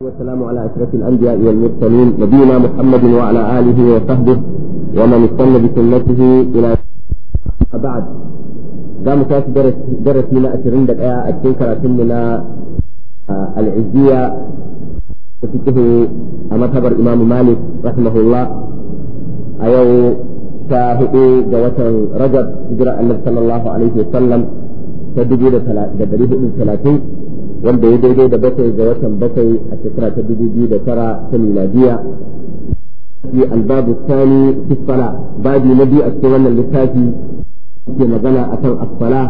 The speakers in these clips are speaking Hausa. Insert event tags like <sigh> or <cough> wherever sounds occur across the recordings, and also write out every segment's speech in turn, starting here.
والسلام على أشرف الأنبياء والمرسلين نبينا محمد وعلى آله وصحبه ومن استنى بسنته إلى بعد قام كاس درس درس لنا أشرين دقيقة أتذكر العزية وفقه مذهب الإمام مالك رحمه الله أيو شاهد جوة رجب هجرة النبي صلى الله عليه وسلم تدبير ثلاثين wanda ya daidai da bakwai ga watan bakwai a shekara ta dubu biyu da tara ta miladiya fi albabu sani fi sala babi na biyu a cikin wannan littafi ke magana akan asfala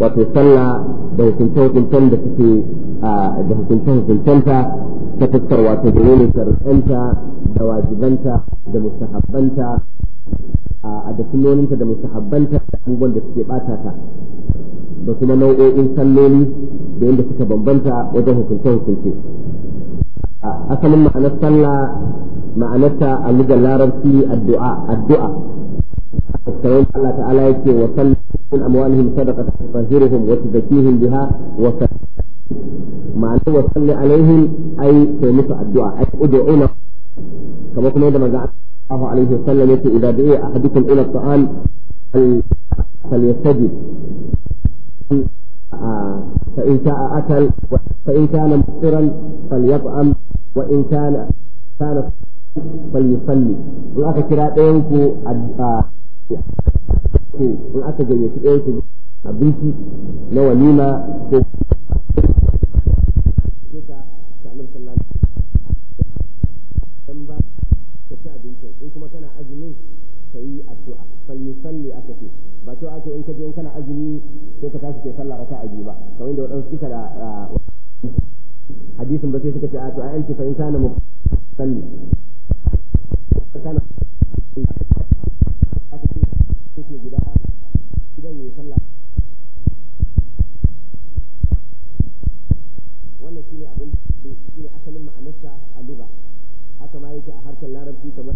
wato sallah da hukunce hukuncen da suke da hukunce hukuncenta ta fuskar wato da ne da wajibanta da mustahabbanta a da sunnoninta da mustahabbanta da abubuwan da suke bata ta da kuma nau'o'in salloli da yadda suka bambanta wajen hukunce-hukunce asalin ma'anar sallah ma'anarta a lugar larabci addu'a addu'a sayan Allah ta'ala yake wa sallu amwalihim sadaqatan tutahhiruhum wa tuzakkihim biha wa ma'ana wa salli alaihim ai kai musu addu'a ai ud'una kamar kuma da manzo Allah alaihi wasallam yake idan da'a ahadukum ila ta'al al yastajib فإن شاء أكل فإن كان مفطرا فليطعم وإن كان كان فليصلي إن أكا كرا ɗayanku in aka gayyaci ɗayanku abinci na walima ko kuma kana azumin ka yi addu'a fal aka ce ba to ake in ka je in kana azumi sai ka tashi ke sallah raka a ba kamar yadda waɗansu suka da ah, hadisin ba sai suka ce a to ayanci fa in kana mu salli kana guda asalin ma'anarsa a lugha haka ma yake a harshen kamar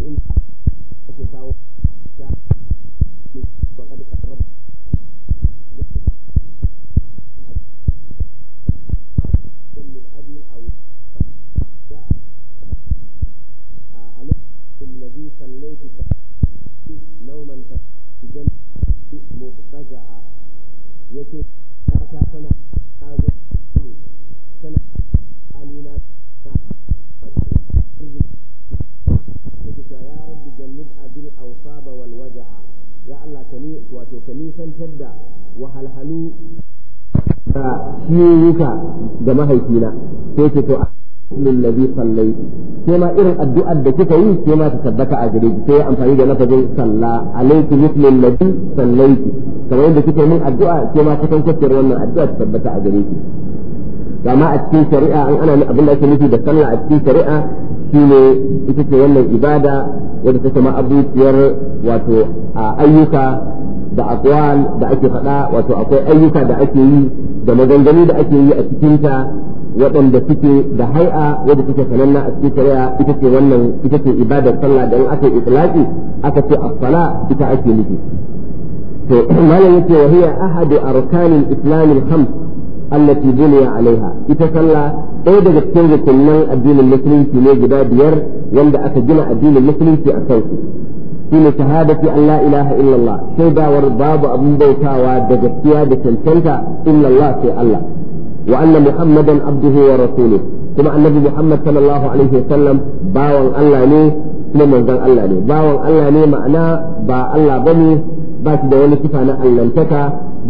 kiwuka ga mahaifina sai ce to lillazi sallaiti sai ma irin addu'ar da kika yi sai ma ta tabbata a gare ki sai amfani da lafazin salla alayki mithlu allazi sallaiti kamar yadda kika yi addu'a sai ma kusan kwakkiyar wannan addu'a ta tabbata a gare ki amma a cikin shari'a an ana abin da ake nufi da sallah a cikin shari'a shine ita ce wannan ibada wadda take ma'abuciyar wato a ayyuka da aqwal da ake faɗa wato akwai ayyuka da ake yi da maganganu da ake yi a cikinta waɗanda suke da hai'a wadda suke sananna a cikin shari'a ita ce wannan ita ce ibadar sallah da in aka yi itlaqi aka ce as-sala ita ake nufi to malam yace wa hiya ahadu arkanil islam al-khams allati buniya alaiha ita sallah ɗaya daga cikin rukunin addinin musulunci ne guda biyar wanda aka gina addinin musulunci a kansu shine shahadati an la ilaha illallah sai shaidawar babu abin bautawa da gaskiya da cancanta illallah sai Allah wa anna muhammadan abduhu wa rasuluhu kuma annabi muhammad sallallahu alaihi wasallam bawan Allah ne kuma manzon Allah ne bawan Allah ne ma'ana ba Allah bane ba shi da wani sifa na allantaka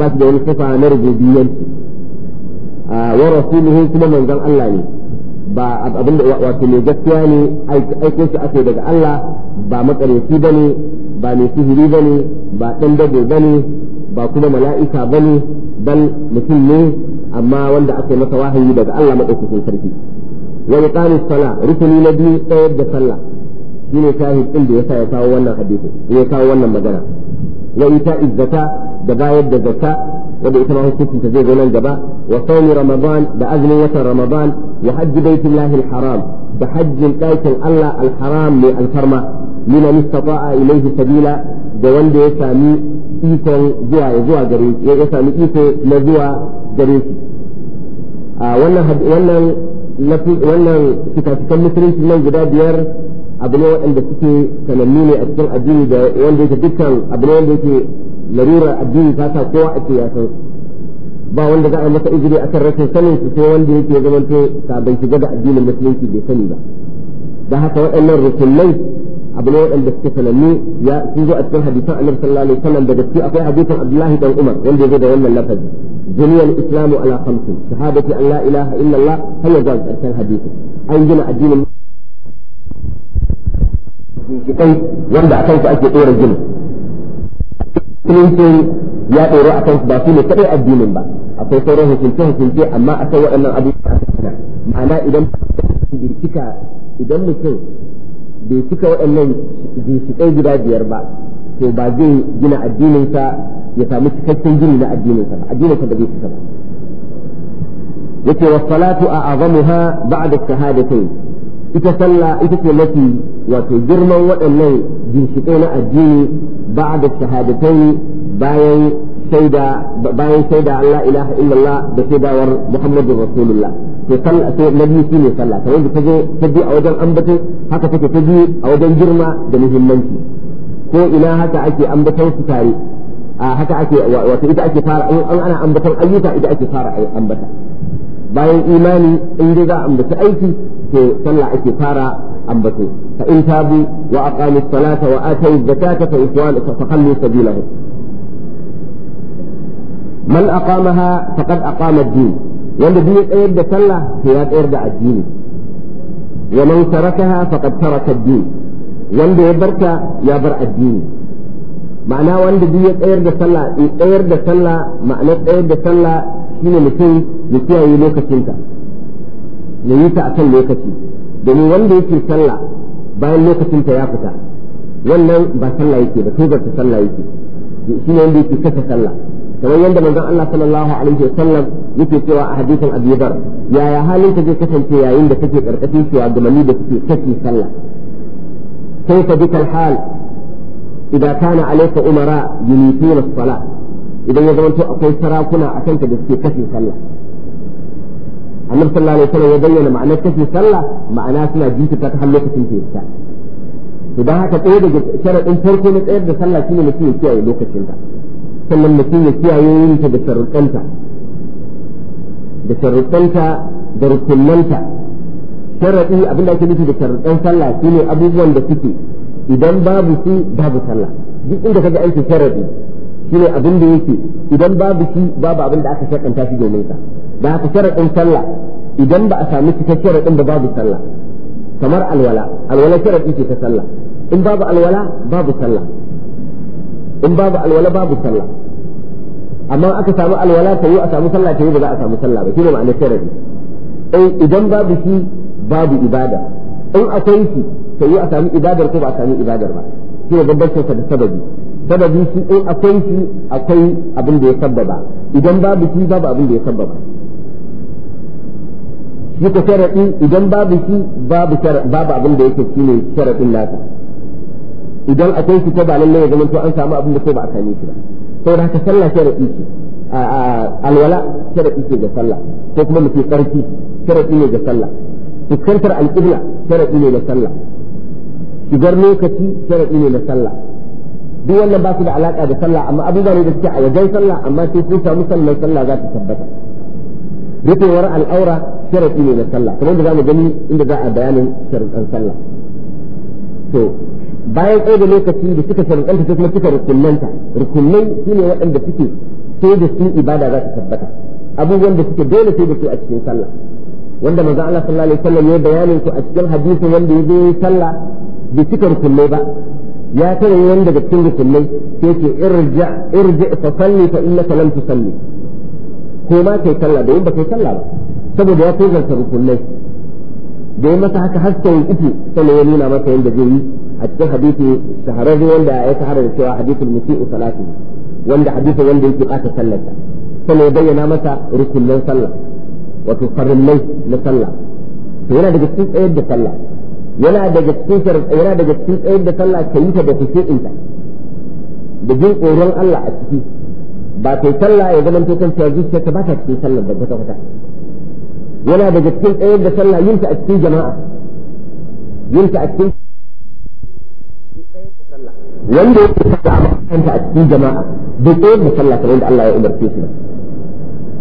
ba shi da wani sifa na rububiyyanci ah, wa rasuluhu kuma manzon Allah ne ba abin da wato mai gaskiya ne aikin su ake daga Allah ba makareci ba ne ba mai sihiri ba ne ba ɗan dago ba ne ba kuma mala'ika ba ne bal mutum ne amma wanda aka masa wahayi daga Allah maɗaukakin sarki wani ƙani sala rukuni na biyu tsayar da sallah shi ne shahid ɗin da ya sa ya kawo wannan hadisi ya kawo wannan magana wa ita izzata da bayar da zakka wanda ita ma hukuncinta zai zo nan gaba وصوم رمضان بأذن رمضان وحج بيت الله الحرام بحج البيت الله الحرام للفرمة لمن استطاع إليه سبيلا جوان دي سامي إيكو جوا جوا جريس يسامي إيكو لجوا جريس آه وانا هد وانا لفي وانا كتاب مسلم في من جدا بير abin waɗanda suke sanannu ne a cikin addini da wanda yake dukkan abin wanda yake larurar addini ta sa kowa ake ya san ba wanda za a masa izini akan rashin sanin su sai wanda yake zamanto sabon shiga da addinin musulunci bai sani ba da haka waɗannan rukunai abu ne waɗanda suke sanannu ya sun zo a cikin hadisan annabi sallallahu alaihi wasallam daga cikin akwai hadisan Abdullahi dan Umar wanda ya zo da wannan lafazi jami'an islamu ala khamsin shahadati an la ilaha illallah har ya zuwa ƙarshen hadisin an gina addinin wanda akan su ake ɗora gina musulunci ya ɗoro a kansu ba su ne kaɗai addinin ba akwai sauran hukunce hukunce amma a san waɗannan abubuwa a kana ma'ana idan cika idan mutum bai cika waɗannan ginshiƙai guda biyar ba to ba zai gina addininsa ya samu cikakken gini na addininsa ba addininsa ba zai cika ba yake wa salatu a azamuha ba'da shahadatain ita sallah ita ce mafi wato girman waɗannan ginshiƙai na addini ba da shahadatai bayan shaida bayan shaida Allah ilaha illallah da shaidawar Muhammadur Rasulullah to sallah to nabi shine sallah kamar da taje ta biyu a wajen ambato haka take ta biyu a wajen girma da muhimmanci ko ina haka ake ambaton su tare a haka ake wato ita ake fara an ana ambaton ayyuka ita ake fara eh, ambata bayan imani in dai za aiki to sallah ake fara ambato fa in tabu wa aqamu salata wa atu zakata fa ikhwanuka fa qallu sabilahum man aqamaha faqad aqama ad-din wanda duk ya tsayar da sallah to ya tsayar da addini wa man tarakaha faqad taraka ad-din wanda ya barka ya bar addini ma'ana wanda duk ya tsayar da sallah ya tsayar da sallah ma'ana tsayar da sallah shine mutum ya kiyaye lokacinta ya yi ta kan lokaci domin wanda yake sallah bayan lokacinta ya fita wannan ba sallah yake ba tozar ta sallah yake shi ne wanda yake kasa sallah kamar yadda manzon Allah sallallahu alaihi wasallam yake cewa a hadisin Abu Dhar yaya halin ka zai kasance yayin da kake karkashin shi gamani da suke kashi sallah kai ka bikal hal idan kana alayka umara yunituna as-salah idan ya zamanto akwai sarakuna a kanta da suke kashe sallah annabi sallallahu alaihi wasallam ya bayyana ma'anar kashe sallah ma'ana suna jita ta har lokacin ta yasa to dan haka ɗaya daga sharaɗin farko na tsayar da sallah shine mutum ya kiyaye lokacin ta sannan mutum ya kiyaye yin ta da sharuɗanta da sharuɗanta da rukunanta sharaɗi abin da ake nufi da sharuɗan sallah shine abubuwan da suke idan babu su babu sallah duk inda kaga aiki sharaɗi shine abin da yake idan babu shi babu abin da aka shakanta shi domin sa da aka sharadin sallah idan ba a sami cikakken sharadin da babu sallah kamar alwala alwala sharadi ce ta sallah in babu alwala babu sallah in babu alwala babu sallah amma aka samu alwala ta yi a samu sallah ta yi ba za a samu sallah ba shine ma'anar sharadi eh, idan babu shi babu ibada in akwai shi ta yi a samu ibadar ko ba a samu ibadar ba shine bambancin sa da sababi sababin shi in akwai shi akwai abin da ya sababa idan babu shi babu abin da ya sababa shi ka sharaɗi idan babu shi babu babu abin da yake shi ne sharaɗin nasa idan akwai shi ko ba lallai ya zama to an samu abin da ko ba a same shi ba da haka sallah sharaɗi ce alwala sharaɗi ce ga sallah ko kuma mutum tsarki sharaɗi ne ga sallah fuskantar alƙibla sharaɗi ne na sallah shigar lokaci sharaɗi ne na sallah duk wannan ba su da alaka da sallah amma abubuwa ne da suke a wajen sallah amma sai sun samu sallah sallah za ta tabbata rufewar al'aura sharafi ne na sallah kamar da za zamu gani inda za a bayanin sharuɗan sallah to bayan tsaye da lokaci da suka sharuɗanta sai kuma suka rukunanta rukunai shine waɗanda suke sai da su ibada za ta tabbata abubuwan da suke dole sai da su a cikin sallah wanda manzo Allah sallallahu alaihi wasallam ya bayanin su a cikin hadisin wanda ya zo sallah bai cika rukunai ba ya tare wani daga cikin musulmai sai ce irja irja fa salli fa innaka lam tusalli ko ma kai sallah da ba kai sallah ba saboda ya tozarta rukunai da ya masa haka har sai kike sai ya nuna masa yanda zai yi a cikin hadisi shahararre wanda ya shahara da cewa hadisul musii'u salatu wanda hadisi wanda yake bata sallarsa sai ya bayyana masa rukunan sallah wato farillai na sallah to yana daga cikin tsayar da sallah yana daga cikin yana daga cikin tsayar da sallah ka yi ta da kushe'in ta da jin tsoron Allah a ciki ba kai sallah ya zama ta kanta zuciya ta ba ta cikin sallah da kwata kwata yana daga cikin tsayar da sallah yin ta a cikin jama'a yin ta a cikin wanda yake sallah a cikin jama'a bai tsayar da sallah kamar da Allah ya umarce shi ba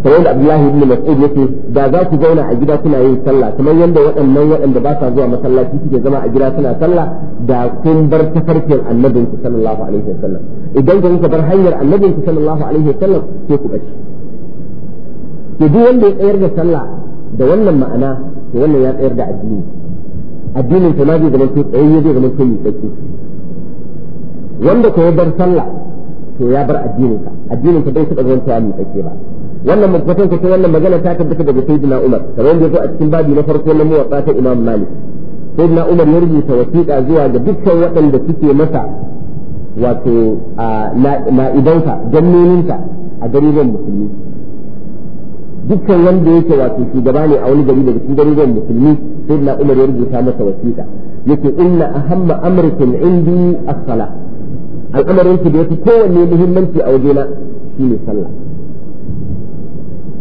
kamar yadda Abdullahi ibn Mas'ud yake da za ku zauna a gida kuna yin sallah kamar yadda waɗannan waɗanda ba sa zuwa masallaci suke zama a gida suna sallah da kun bar tafarkin annabin ku sallallahu alaihi wasallam idan kun ka bar hanyar annabin ku sallallahu alaihi wasallam sai ku bace to duk wanda ya tsayar da sallah da wannan ma'ana to wannan ya tsayar da addini addinin ta ma zai zama to tsayayye zai zama to mitsatsi wanda ko ya bar sallah to ya bar addinin ka addinin ka bai taɓa zama to ya mitsatsi ba wannan mutum kace wannan magana ta tabbata daga sayyidina Umar kamar yadda a cikin babi na farko na muwatta ta Imam Malik sayyidina Umar ya rubuta wasiƙa zuwa ga dukkan waɗanda suke masa wato la'idansa jannoninsa a garuruwan musulmi dukkan wanda yake wato shugaba ne a wani gari daga cikin garuruwan musulmi sayyidina Umar ya rubuta masa wasiƙa yake inna ahamma amrikum indi as-salah al'amarin da yafi kowanne muhimmanci a wajena shine sallah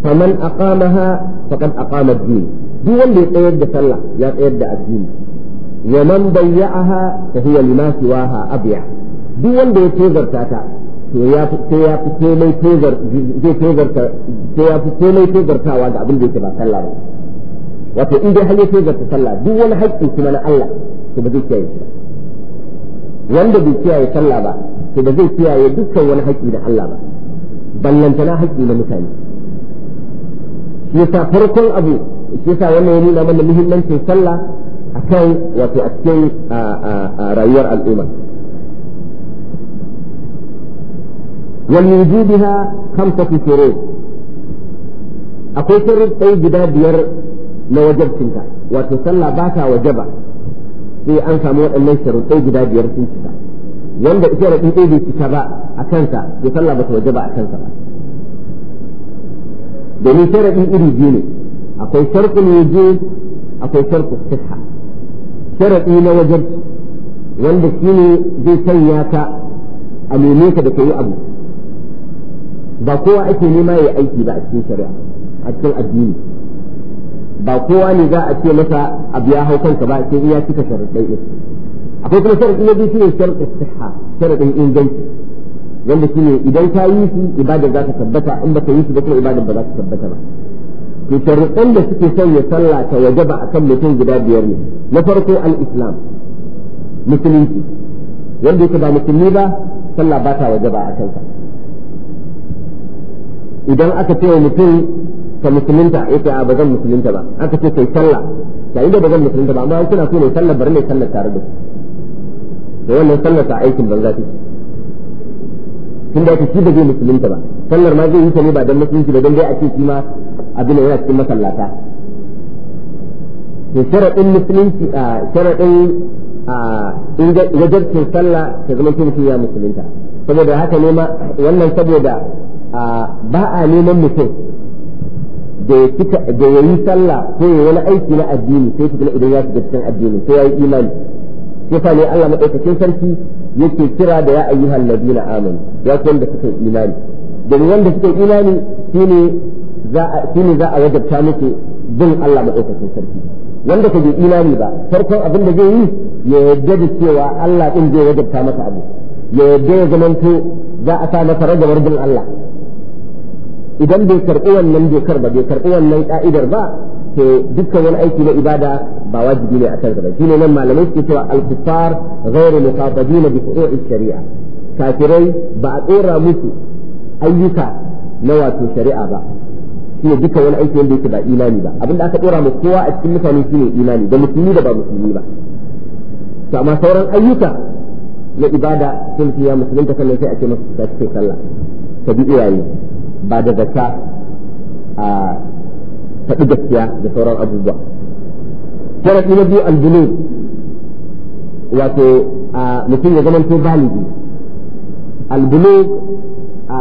فمن أقامها فقد أقام الدين din duk wanda ya tsayar da sallah ya tsayar da addini wa man bayya'aha fa huwa lima siwaha abya ya ya fi sai ya fi komai sai ya fi ga abin da yake ba sallah ba wato in dai hanyar ya tozarta sallah duk wani haƙƙi kuma na Allah to ba zai kiyaye shi ba wanda bai kiyaye sallah ba to ba zai kiyaye dukkan wani haƙƙi na Allah ba ballantana haƙƙi na mutane yasa farkon abu yasa wannan ya nuna mana muhimmancin sallah akan wato a cikin rayuwar al'umma ولوجودها خمسة شروط أقول شرط أي جدا بير لوجب تنكا وتصلى باتا sai an samu موت أن شرط أي biyar sun cika wanda ita da ɗin ɗin bai cika ba a kansa ya sallah ba ta waje ba a kansa ba domin sharaɗi iri biyu ne akwai sharqul wujud akwai sharqul sihha sharaɗi na wajen wanda shi ne zai sanya ka a neme ka da kai abu ba kowa ake nema ya aiki ba a cikin shari'a a cikin addini ba kowa ne za a ce masa abu ya hau kanka ba sai ya cika sharaɗai akwai kuma sharaɗi na biyu ne sharqul sihha sharaɗin inganci wanda ne idan ka yi shi ibadar za ta tabbata in ba ta yi shi ba kuma ibadar ba za ta tabbata ba to sharuɗan da suke son ya sallah ta a akan mutum guda biyar ne na farko al-islam musulunci wanda yake ba musulmi ba sallah ba ta wajaba a kansa idan aka ce wa mutum ka musulunta yake a zan musulunta ba aka ce kai sallah da ba zan musulunta ba amma kuna so ne sallah bari ne sallah tare da to wannan sallah ta aikin banza tun da shi ba zai musulunta ba sallar ma zai yi ta ne ba don musulunci ba don dai a ce shi ma abin da yana cikin masallata to sharaɗin musulunci a sharaɗin a wajabcin sallah ta zama mutum ya musulunta saboda haka ne ma wannan saboda ba a neman mutum da ya yi sallah ko ya wani aiki na addini sai kuma idan ya shiga cikin addini sai ya yi imani sai ne Allah madaukakin sarki yake kira da ya ayyuhal ladina amanu ya kun da suka imani domin wanda suka imani shine za a shine za a wajabta muku bin Allah madaukakin sarki wanda ka bi imani ba farkon abin da zai yi ya yarda da cewa Allah din zai wajabta masa abu ya yarda ya zamanto za a sa masa ragawar bin Allah idan bai karɓi wannan dokar ba bai karɓi wannan ka'idar ba wato dukkan wani aiki na ibada ba wajibi ne a kan gaba shine nan malamai suke cewa al-kuffar ghairu muqatabin bi fu'u'i shari'a kafirai ba a tsora musu ayyuka na wato shari'a ba shine dukkan wani aiki wanda yake ba imani ba abinda aka tsora musu kowa a cikin mutane shine imani da musulmi da ba musulmi ba to amma sauran ayyuka na ibada sun fiya musulunta na sai a ce su ta cikin sallah ta bi iyaye ba da zakka a faɗi gaskiya da sauran abubuwa sharaɗi na biyu aljunu wato mutum ya zamanto baligi albulu a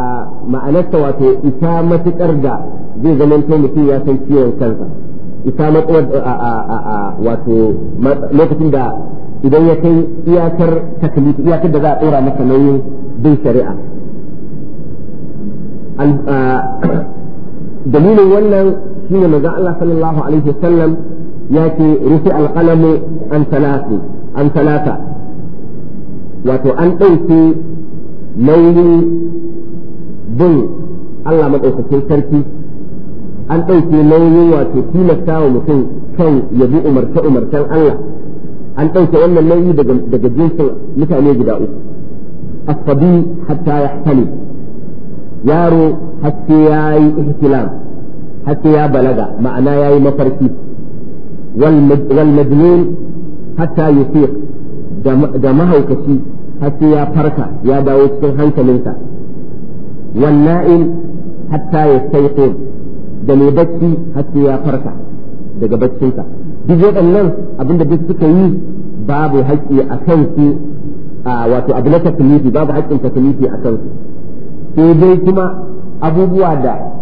ma'anarsa wato isa matuƙar da zai zamanto mutum ya san ciwon kansa isa matsuwar wato lokacin da idan ya kai iyakar takalifi iyakar da za a ɗora masa nauyin bin shari'a <coughs> dalilin wannan shine manzon Allah sallallahu alaihi wasallam yake rufi alqalamu an salatu an salata wato an ɗauke nauyin bin Allah maɗaukakin sarki an ɗauke nauyin wato tilasta wa mutum kan ya bi umarce umarcen Allah an wannan nauyi daga jinsin mutane guda uku asabi hatta yaro haske ya yi ihtilam hatta ya balaga ma'ana ya yi mafarki wal majnun hatta yufiq da mahaukaci hatta ya farka ya dawo cikin hankalinsa wal na'im hatta ya yastayqin da mai bacci hatta ya farka daga baccinsa duk waɗannan abinda duk suka yi babu haƙƙi a su wato abu na taklifi babu haƙƙin taklifi a su sai dai kuma abubuwa da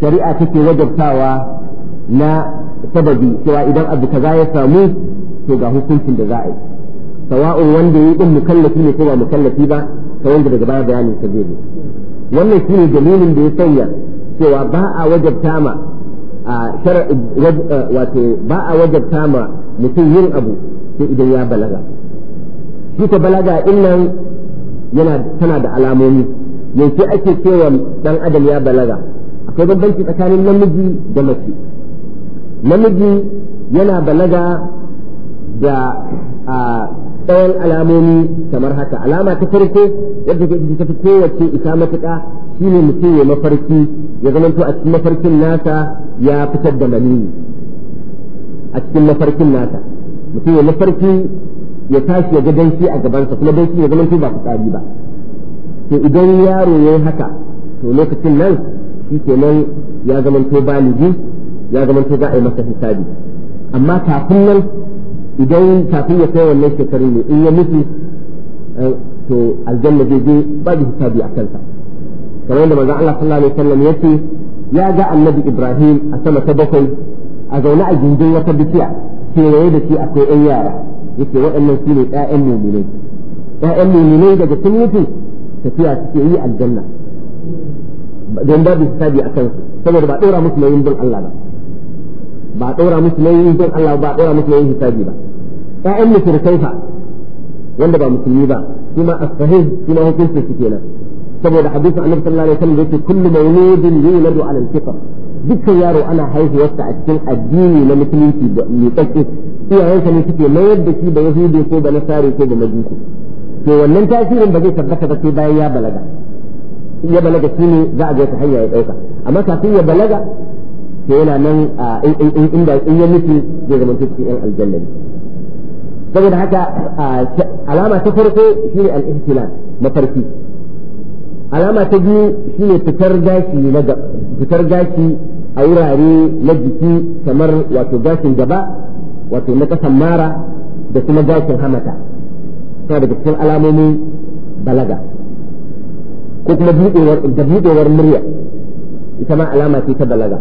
shari'a take wajabtawa na sababi cewa idan abu kaza ya samu to ga hukuncin da za a yi sawa'un wanda ya din mukallafi ne ko ba mukallafi ba ta wanda daga baya bayanin sa zai wannan shine dalilin da ya sanya cewa ba a wajabta ma a wato ba a wajabta ma mutum yin abu sai idan ya balaga shi ta balaga din nan yana tana da alamomi yanzu ake cewa dan adam ya balaga akwai bambanci tsakanin namiji da mace namiji yana balaga da a tsawon alamomi kamar haka alama ta farko yadda ke ta fi kowace isa matuƙa shine mutum ya mafarki ya zama to a cikin mafarkin nasa ya fitar da maniyyi a cikin mafarkin nasa mutum ya mafarki ya tashi ya ga danshi a gabansa kuma danshi ya zama to ba fitsari ba to idan yaro ya yi haka to lokacin nan shi kenan ya zama to ba ya zama to za a yi masa hisabi amma kafin nan idan kafin ya kai wannan shekaru ne in ya mutu eh, to aljanna zai je da hisabi a kansa kamar yadda manzon Allah sallallahu alaihi wasallam yace ya ga annabi Ibrahim a sama ta bakwai a zaune a gindin wata bishiya kewaye da shi akwai ɗan yara yake waɗannan su ne ƴaƴan muminai yayan muminai daga tun mutu tafiya suke yi aljanna don babu hisabi a kansu saboda ba ɗora musu nauyin bin Allah ba ba ɗora musu nauyin bin Allah ba ɗora musu nauyin hisabi ba ƴaƴan mushrikai fa wanda ba musulmi ba kuma as-sahih kuma hukuncin su kenan saboda hadisin annabi sallallahu alaihi wasallam yace kullu mawludin yuladu ala al-fitr dukkan yaro ana haihuwarsa a cikin addini na musulunci mai tsakki iyayensa ne suke mayar da shi da yahudi ko da nasari ko da majusi to wannan tasirin ba zai tabbata ba sai bayan ya balaga ya balaga shi ne za a je ta hanya ya ɗauka amma kafin ya balaga to yana nan inda in ya mutu zai zama cikin yan aljanna saboda haka alama ta farko shine al-ihtilal mafarki alama ta biyu shine fitar gashi na fitar gashi a wurare na jiki kamar wato gashin gaba wato na kasan mara da kuma gashin hamata ta daga cikin alamomin balaga ko kuma da buɗewar murya ita ma alama ce ta balaga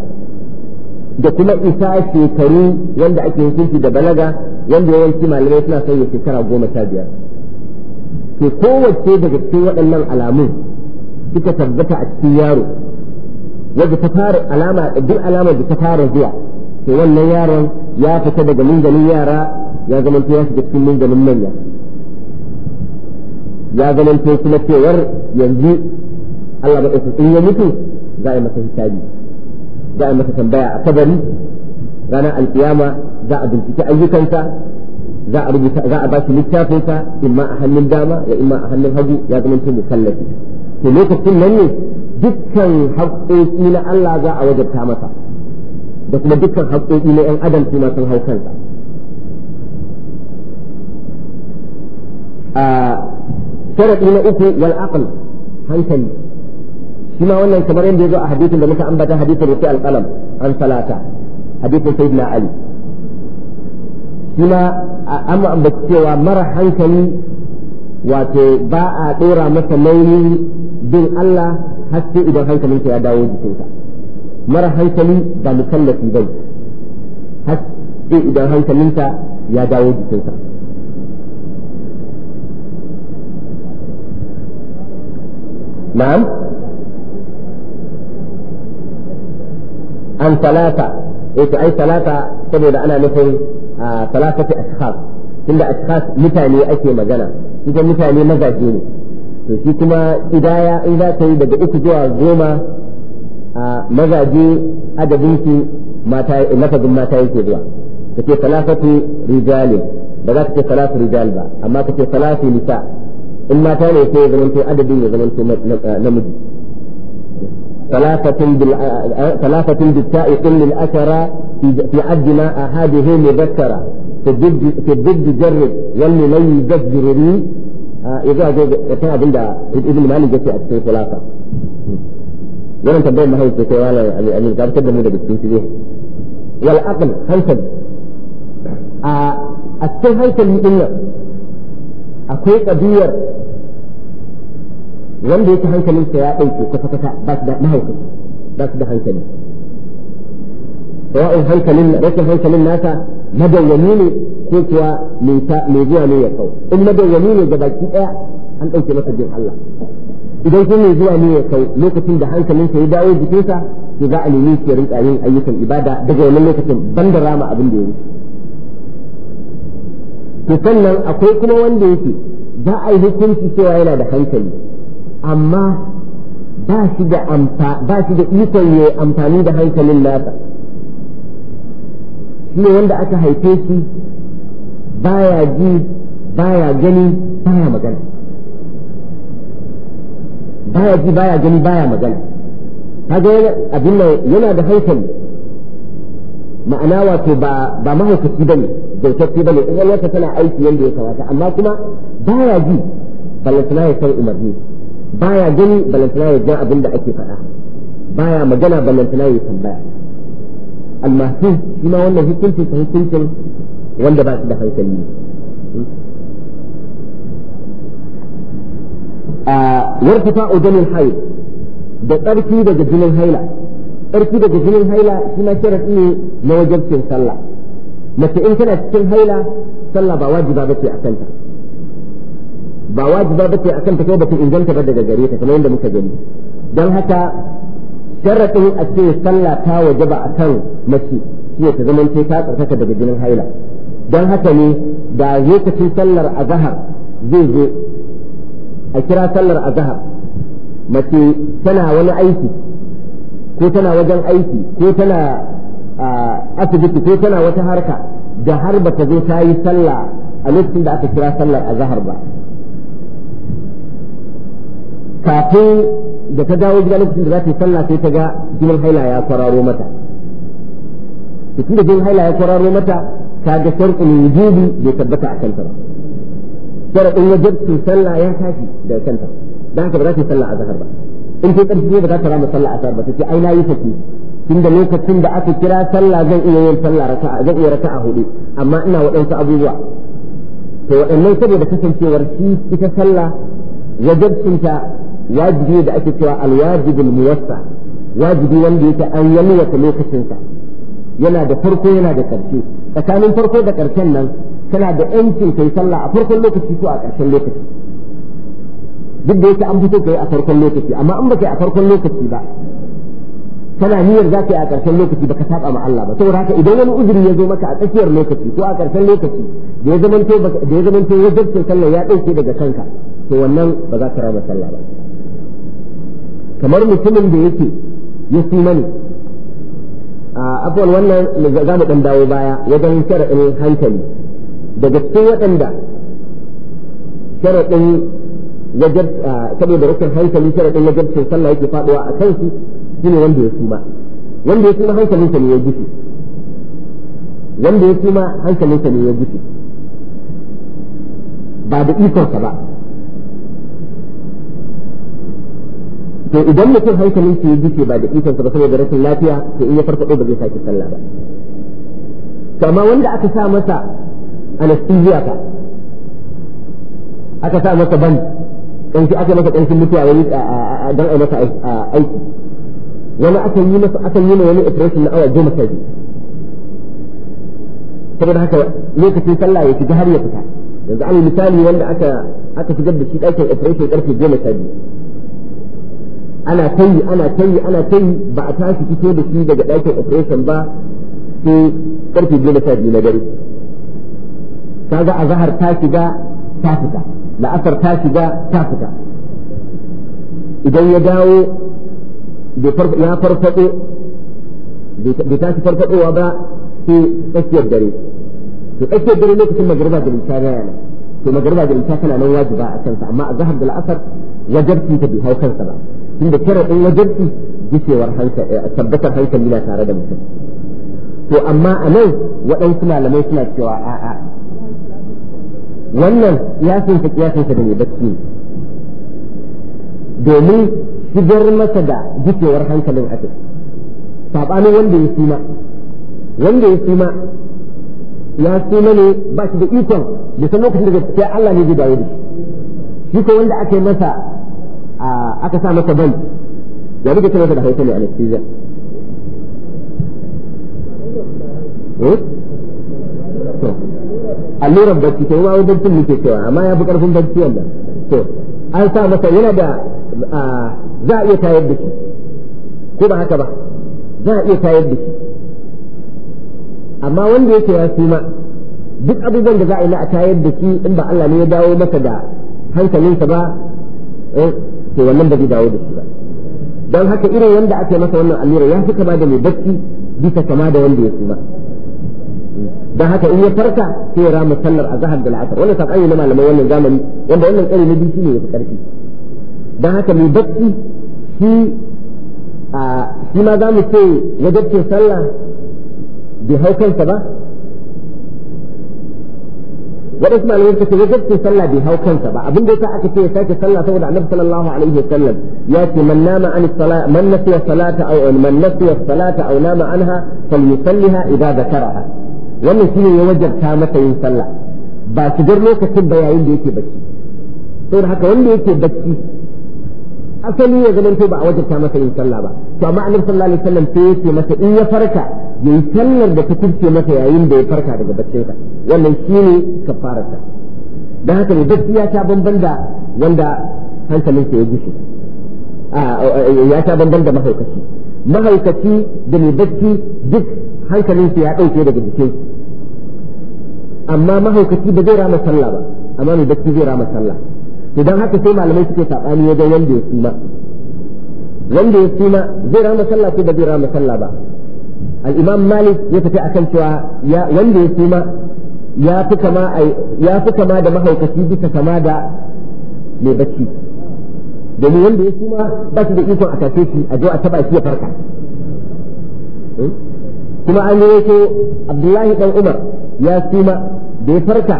da kuma isa shekaru wanda ake hukunci da balaga wanda yawanci malamai suna sanya shekara goma sha biyar to kowace daga cikin waɗannan alamun suka tabbata a cikin yaro wadda ta fara alama duk alamar da ta fara zuwa to wannan yaron ya fita daga munganin yara ya zama ya shiga cikin munganin manya ya zamanto kuma cewar yanzu Allah ba ɗauki in ya mutu za a yi masa hisabi za a yi masa tambaya a kabari ranar alkiyama za a bincike ayyukansa za a rubuta za a ba shi littafinsa imma a hannun dama in ma a hannun hagu ya zamanto musallafi to lokacin nan ne dukkan haƙoƙi na Allah za a wajabta masa da kuma dukkan haƙoƙi na 'yan adam su ma sun hau kansa sharadi na uku wal aql hankali shi ma wannan kamar yadda ya zo a hadisin da muka ambata hadisin rufi alƙalam an salata hadisin na ali shi ma an ambaci cewa mara hankali wato ba a ɗora masa nauyin bin Allah haske sai idan hankalinsa ya dawo jikinsa mara hankali ba mukallafi bai har sai idan hankalinsa ya dawo jikinsa نعم عن ثلاثة إيه أي ثلاثة saboda ana nufin a salafati ashkhas tunda ashkhas mutane ake magana idan mutane mazaje ne to shi kuma idaya in za ta yi daga uku zuwa goma mazaje adadin su mata lafazin mata yake zuwa kace salafati rijalin ba za ka ce salatu rijal ba amma kace salatu nisa' إما كان يسير زمن تو عددي وزمن تو آه، نمدي ثلاثة بالتاء كل الأثر في عد ما أحده مذكرة في الضد جرد يلي لي جد جرد إذا جاءت عند ابن مالي جاءت في ثلاثة ولم تبين ما هي التسوالة أن يجب أن تبين هذا بالتنسي به والأقل هيثم آه، السهيثم من الله akwai ƙabiyar wanda yake hankalinsa ya ɗauke kwata-kwata ba su da hankali ba su da hankali sawa'in hankalin rashin hankalin nasa madawwami ne ko kuwa mai zuwa ne ya kau in madawwami ne da baki ɗaya an ɗauke masa jin Allah idan kun mai zuwa ne ya kau lokacin da hankalinsa ya dawo jikinsa sai za a nemi shi ya rinƙa yin ayyukan ibada daga wannan lokacin ban da rama abin da ya wuce to sannan akwai kuma wanda yake za a yi hukunci cewa yana da hankali amma ba shi da ba shi da ikon ya amfani da hankalin nasa shi ne wanda aka haife shi baya ji baya gani baya magana baya ji baya gani baya magana kaga abin nan yana da hankali ma'ana wato ba ba ne mahaukaci bane jautacce bane kwakwalwarsa tana aiki yadda ya kawata amma kuma baya ji balantana ya san umarni baya gani balantana ya jan abin da ake faɗa baya magana balantana ya tambaya almahfuz shi ma wannan hukuncin ta hukuncin wanda ba su da hankali a warfata udanin haid da tsarki daga jinin haila tsarki daga jinin haila shi ma sharaɗi ne na wajabcin sallah mace in tana cikin haila sallah ba wajiba ba ce a kanta ba wajiba ba ce a kanta kai bata inganta ba daga gare ta kamar yadda muka gani don haka sharaɗin a ce sallah ta wajaba a kan mace shi ta zama ta tsarkaka daga jinin haila don haka ne da lokacin sallar azahar zai zo a kira sallar azahar mace tana wani aiki ko tana wajen aiki ko tana asibiti ko tana wata harka da har ba ta zo ta yi sallah a lokacin da aka kira sallar zahar ba kafin da ta dawo gida lokacin da za ta yi sallah sai ta ga jinin haila ya kwararo mata tun da jinin haila ya kwararo mata ta ga sharqul wujubi bai tabbata a kanta ba sharadin wajibcin sallah ya tashi daga kanta dan haka ba za ta yi sallah a zahar ba in ta karfi ba za ta rama sallah asar ba ta ce ai na yi saki tunda lokacin da aka kira sallah zan iya yin sallah raka'a zan iya raka'a hudu amma ina waɗansu abubuwa to waɗannan saboda kasancewar shi ita sallah wajibcinta wajibi da ake cewa alwajibul muwassa wajibi wanda yake an yalwata lokacinsa yana da farko yana da ƙarshe tsakanin farko da ƙarshen nan kana da 'yancin kai sallah a farkon lokaci ko a ƙarshen lokaci duk da yake an fito kai a farkon lokaci amma an baka a farkon lokaci ba kana niyyar za ka yi a ƙarshen lokaci baka saba ma Allah ba saboda haka idan wani uzuri ya zo maka a tsakiyar lokaci ko a ƙarshen lokaci da ya zamanto da ya zamanto wajibcin sallar ya ɗauke daga kanka to wannan ba za ka rama sallah ba kamar mutumin da yake ya fi mani a afwal wannan za mu dan dawo baya wajen sharaɗin hankali daga cikin waɗanda sharaɗin wajen ah, saboda rashin hankali da wajen cin sallah yake faduwa a kansu shine wanda ya suma wanda ya suma hankalinsa ne ya gushe wanda ya suma hankalinsa ne ya gushe ba da ikonsa ba to idan mutum hankalin su ya gushe ba da ikonsa ba saboda rashin lafiya to in ya farfado ba zai sake sallah ba to amma wanda aka sa masa anesthesia ka aka sa masa band ƙarfi aka masa ƙarfin mutuwa yayi dan ai masa aiki wani aka yi masa aka yi wani operation na awa goma sai saboda haka lokacin sallah ya shiga har ya fita yanzu an misali wanda aka aka shigar da shi ɗakin operation ƙarfe goma sai ana tayi ana tayi ana tayi ba a tashi fito da shi daga ɗakin operation ba sai ƙarfe goma sai na gari kaga a zahar ta shiga ta fita la'asar ta shiga ta fita idan ya dawo ya farfado bai tashi farfadowa ba sai tsakiyar dare to tsakiyar dare lokacin magariba da isha gaya ne to magariba da isha tana nan wajiba a kansa amma a zahar da la'asar wajabci ta bi hau kansa ba inda sharaɗin wajabci gishewar eh, tabbatar hankali na tare da mutum to amma a nan waɗansu malamai suna cewa a'a wannan kiyasin sa kiyasin sa da mai bacci domin shigar masa da jikewar hankalin ake saɓanin wanda ya suma wanda ya suma ya suma ne ba shi da ikon da san lokacin da gaskiya Allah ne zai dawo da shi ko wanda aka masa aka sa masa bai ya buga ta masa da haitali anesthesia eh allurar barci to ma baccin muke cewa amma ya fi karfin barci wanda to an sa masa yana da za a iya tayar da shi ko ba haka ba za a iya tayar da shi amma wanda yake ya ma duk abubuwan da za a yi na a tayar da shi in ba Allah ne ya dawo masa da hankalinsa ba eh, to wannan ba zai dawo da shi ba don haka irin wanda aka yi masa wannan allura ya fi kama da mai barci bisa kama da wanda ya suma da haka in ya farka sai ya rama sallar azhar da la'asar wannan sakani na malamai wannan zamani wanda wannan tsari na biyu shine yafi karfi dan haka mai bacci shi a shi ma zamu ce wajabcin sallah bai hau kansa ba waɗansu malamai suka ce sallah bai hau kansa ba abin da yasa aka ce ya sake sallah saboda annabi sallallahu alaihi wasallam ya ce man nama an salat man nasiya salata aw man nasiya salata aw nama anha falyusalliha idza zakaraha wannan shine ya wajarta masa yin sallah ba su shigar lokacin ba yayin da yake bacci saboda haka wanda yake bacci asali ya zamanto ba a wajarta masa yin sallah ba to amma annabi sallallahu alaihi wasallam sai yake masa in ya farka yayi sallar da ta kurce masa yayin da ya farka daga baccinsa wannan shine ta, dan haka ne ya ta bamban da wanda hankalinsa ya gushe ah, ya ta bamban da mahaukaci mahaukaci da mai bacci duk hankalinsu ya ɗauke daga jikin amma mahaukaci ba zai rama sallah ba amma mai bacci zai rama sallah idan haka sai malamai suke saɓani wajen wanda ya suma wanda ya suma zai rama sallah ko ba zai rama sallah ba al malik ya tafi akan cewa wanda ya suma ya fi kama da mahaukaci bisa kama da mai bacci domin wanda ya suma ba shi da ikon a tafe shi a zo a taba shi ya farka eh? kuma an yi wato abdullahi dan umar ya suma da ya farka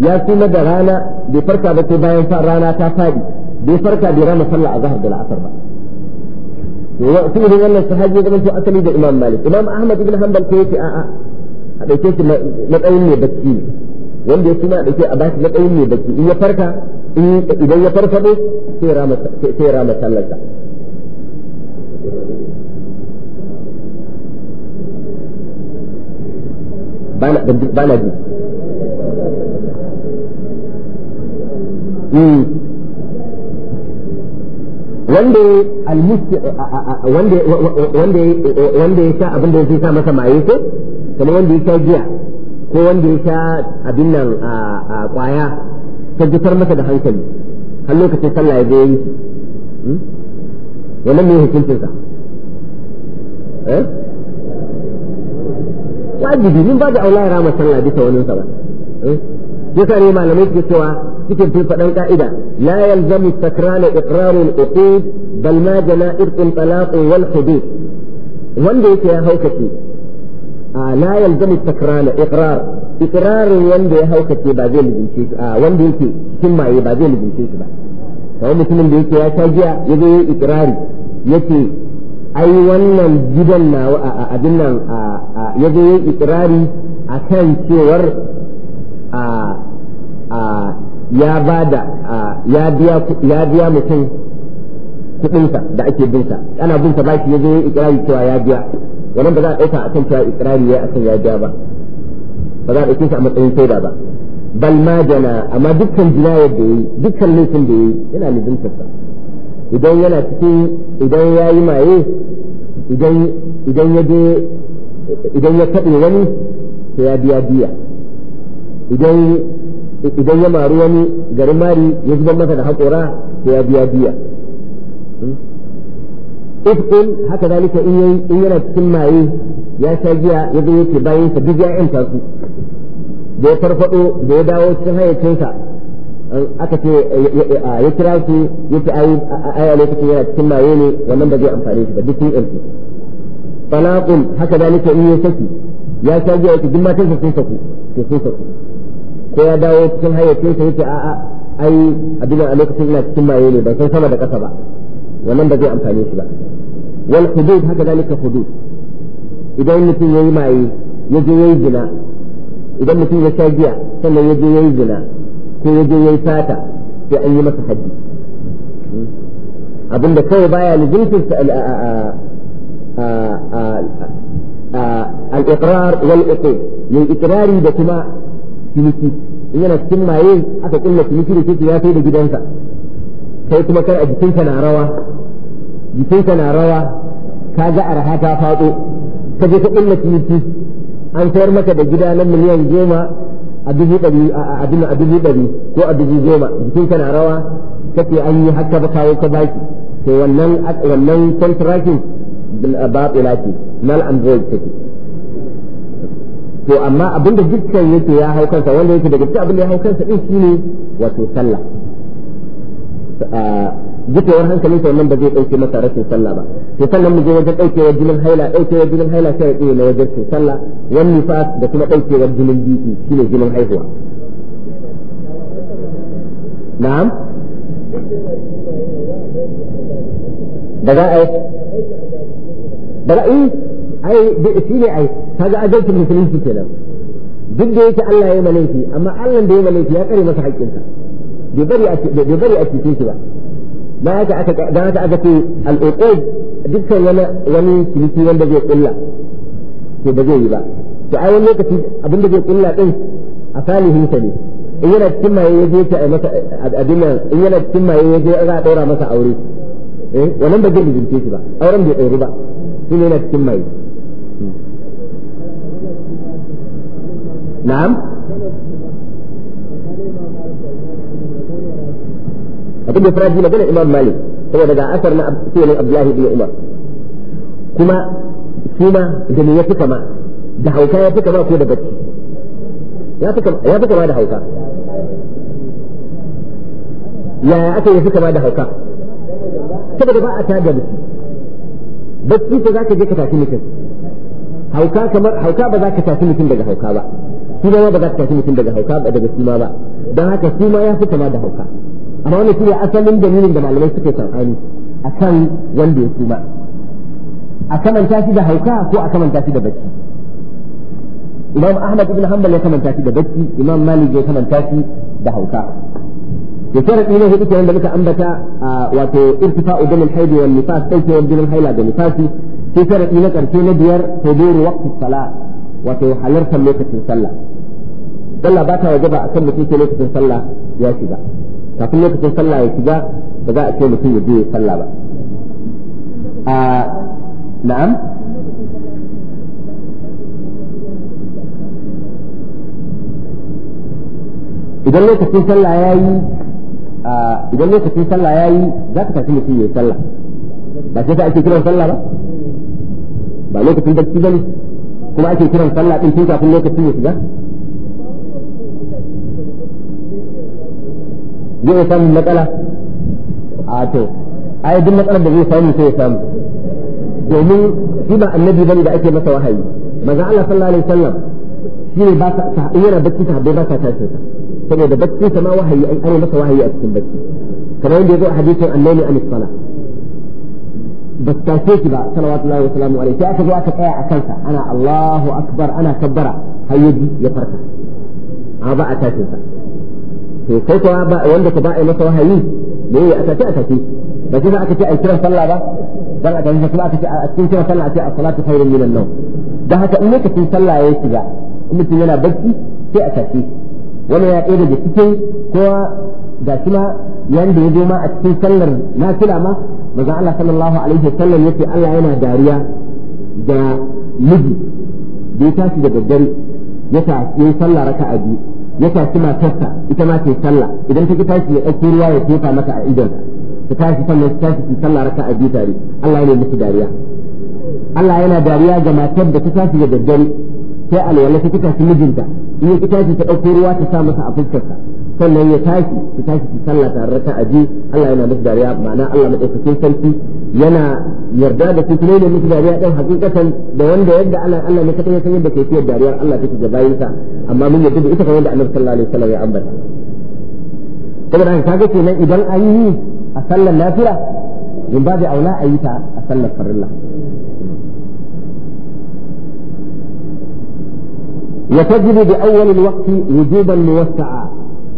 ya suma da rana bai farka ba sai bayan rana ta faɗi bai farka bai rama sallah a zahar da la'asar ba sai irin wannan sahabi ya zama asali da imam malik imam ahmad ibn hanbal ko yace a'a a dauke shi matsayin ne bacci ne wanda ya suna da ke a bashi na tsayin ne da ke ya farka idan ya farka ne sai rama sallarsa ba ji wanda wanda ya sha abin da ya sa masa maye ko kamar wanda ya sha giya ko wanda ya sha abin nan a kwaya ta jifar masa da hankali har lokacin sallah ya zai yi hmm? wannan ne hukuncinsa eh? wajibi min ba da aula ya rama sallah bisa wani sa ba eh? yasa ne malamai suke cewa suke fi faɗan ka'ida la yalzamu takran iqrar al-uqud bal ma jana talaq wal hudud wanda yake ya haukace la yalzamu takrar iqrar iqrarin wanda ya haukace ba zai lubince shi wanda yake cikin maye ba zai lubince shi ba kawai mutumin da yake ya ta giya ya zo yi iqrari yace ai wannan gidan na abin nan ya zo yi iqrari akan cewar ya biya ya biya mutum kudinsa da ake binsa ana binsa bashi ya zo yi iqrari ya biya wannan ba za a ɗauka akan cewa ikrari ya akan ya ja ba ba za a ɗauke shi a matsayin shaida ba bal ma jana amma dukkan jinayar da yi dukkan laifin da yi yana lizimtar sa idan yana cikin idan ya yi maye idan idan ya je idan ya kaɗe wani sai ya biya biya idan idan ya maru wani garin mari ya zuba masa da haƙora sai ya biya biya hmm? ifkun haka zalika in yana cikin maye ya sha giya ya zo yake bayan sa duk ya'yan su da ya farfado da ya dawo cikin hayyacinsa aka ce ya kira su yake ayi a lokacin yana cikin maye ne wannan ba zai amfane shi ba duk sun yanzu talaqun haka zalika in yayi saki ya sha giya yake duk sa sun saku to sun saku ko ya dawo cikin hayyacinsa yake a ai abin a lokacin ina cikin maye ne ba san sama da ƙasa ba wannan ba zai amfane shi ba والحدود هكذلك حدود إذا في يوم أي يجي يزنا إذا في يشاجع سنة يجي يزنا في يجي يفاتع في أي مسحد أظن ده كوي بقى لجنس الإقرار والإقيم للإقرار ده كما تنسي إن أنا كما إيه أتقول لك تنسي لكي تنسي لكي تنسي لكي تنسي لكي تنسي لكي تنسي jikinka na rawa ka ga arha ta faɗo ka je ka illa titi an sayar maka da gida na miliyan goma a dubu ɗari a dubu ɗari ko a dubu goma jikinka na rawa kace an yi haka ba kawo ka baki to wannan wannan contracting batila ce null and void take to amma abinda dukkan yake ya hau kansa wanda yake daga cikin abinda ya hau kansa din shine wato sallah gutewar hankali sa nan ba zai dauke masa rashin sallah ba to sannan mu je wajen daukewar jinin haila daukewar jinin haila sai ya na wajen cin sallah wani nifas da kuma daukewar jinin biki shine jinin haihuwa na'am da za a yi da yi ai shi ne ai kaga ajalcin musulunci kenan duk da yake Allah ya malaifi amma Allah da ya malaifi ya kare masa haƙƙinsa a bai bari a cikin shi ba da haka aka da haka aka ce al-uqud dukkan wani wani ciniki wanda zai kulla to ba zai yi ba to ai wani lokaci abin da zai kulla din a salihin sa ne in yana cikin maye ya je ta masa abin in yana cikin maye ya je za a daura masa aure eh wannan ba zai bijince shi ba auren bai dauri ba ne yana cikin maye hmm. na'am abin da faraji magana imam malik saboda daga asar na sunan abdullahi bin umar kuma shi ma da ne ya fi kama da hauka ya fi kama ko da bacci ya fi kama da hauka yaya aka yi fi kama da hauka saboda ba a ta mutum bacci ko za ka je ka tafi mutum hauka kamar hauka ba za ka tafi mutum daga hauka ba shi ba za ka tafi mutum daga hauka ba daga suma ba don haka suma ya fi kama da hauka amma wannan shine asalin dalilin da malamai suke sabani akan wanda ya suma a kamanta shi da hauka ko a kamanta shi da bacci imam ahmad ibn hanbal ya kamanta shi da bacci imam malik ya kamanta shi da hauka ya sharadi na hudu kenan da muka ambata wato irtifa'u dam al-hayd wal nifas daukewar jinin haila da nifasi sai sharadi na karshe na biyar huduru waqti salat wato halartar lokacin sallah sallah ba ta wajaba akan mutum sai lokacin sallah ya shiga kafin lokacin sallah ya shiga ba za a ce mutum ya je ya sallah ba a na'am idan lokacin sallah ya yi idan lokacin sallah ya yi za ka tafi mutum ya yi sallah ba sai ake kiran sallah ba ba lokacin barci ba ne kuma ake kiran sallah din tun kafin lokacin ya shiga zai samu matsala a to ai duk matsalar da zai samu sai ya samu domin shi ba annabi bane da ake masa wahayi manzo Allah sallallahu alaihi wasallam shi ne ba ta yana bacci ta bai ba ta tashi sa saboda bacci ta ma wahayi ai ana masa wahayi a cikin bacci kamar yadda ya zo a hadisin annabi an sala ba ta tashe shi ba salawatullahi wa salamu alaihi sai aka zo aka tsaya a kansa ana Allahu akbar ana kabbara har ya farka amma ba a tashin sa to kai ba wanda ka ba a masa wahayi da yayi aka ce a ce ba ce za aka ce a kiran sallah ba dan a ganin kuma aka ce a cikin kiran sallah a ce a salatu khairun minan nawm dan haka in lokacin sallah ya shiga mutum yana barci sai a tafi wannan ya ɗaya daga cikin kowa ga shi ma yanda ya zo ma a cikin sallar na kila ma maza Allah sallallahu alaihi wasallam yace Allah yana dariya da miji da ya tashi da daddare ya tashi sallah raka'a biyu ya tashi matarsa ita ma ke yi sallah idan ta ki tashi ya ɗauki ruwa ya tefa mata a idon ta tashi sannan ta tashi ki sallah raka a biyu tare Allah ne musu dariya Allah yana dariya ga matar da ta tashi da daddare sai alwala ta tashi mijinta in ki tashi ta ɗauki ruwa ta sa masa a fuskarsa sannan ya tashi ta tashi ki sallah tare raka a biyu Allah yana musu dariya ma'ana Allah madaukakin sarki yana yarda da su ne da musu dariya ɗan hakikatan da wanda yadda Allah Allah ne kadai ya san yadda fiye dariyar Allah take ga bayinsa amma mun yarda da ita kamar da Annabi sallallahu alaihi wasallam ya ambata saboda haka kaga kenan idan an yi a sallar lafiya in ba da aula a yi ta a sallar farilla وتجب بأول الوقت وجوبا موسعا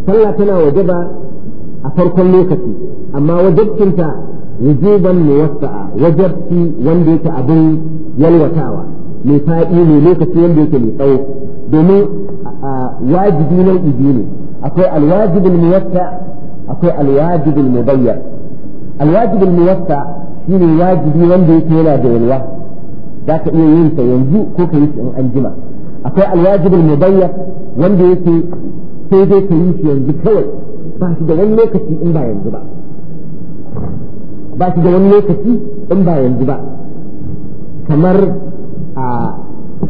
صلى تنا وجب a farkon lokaci amma انت wujuban muwassa'a wajabti wanda yake abin yalwatawa mai fadi ne lokaci wanda yake mai tsawo domin wajibi na ibi ne akwai alwajibul muwassa akwai alwajibul mubayyar alwajibul muwassa shine wajibi wanda yake yana da yalwa za ka iya yin sa yanzu ko ka yi shi in an jima akwai alwajibul mubayyar wanda yake sai dai ka yi shi yanzu kawai ba shi da wani lokaci in ba yanzu ba ba su da wani lokaci in ba yanzu ba kamar a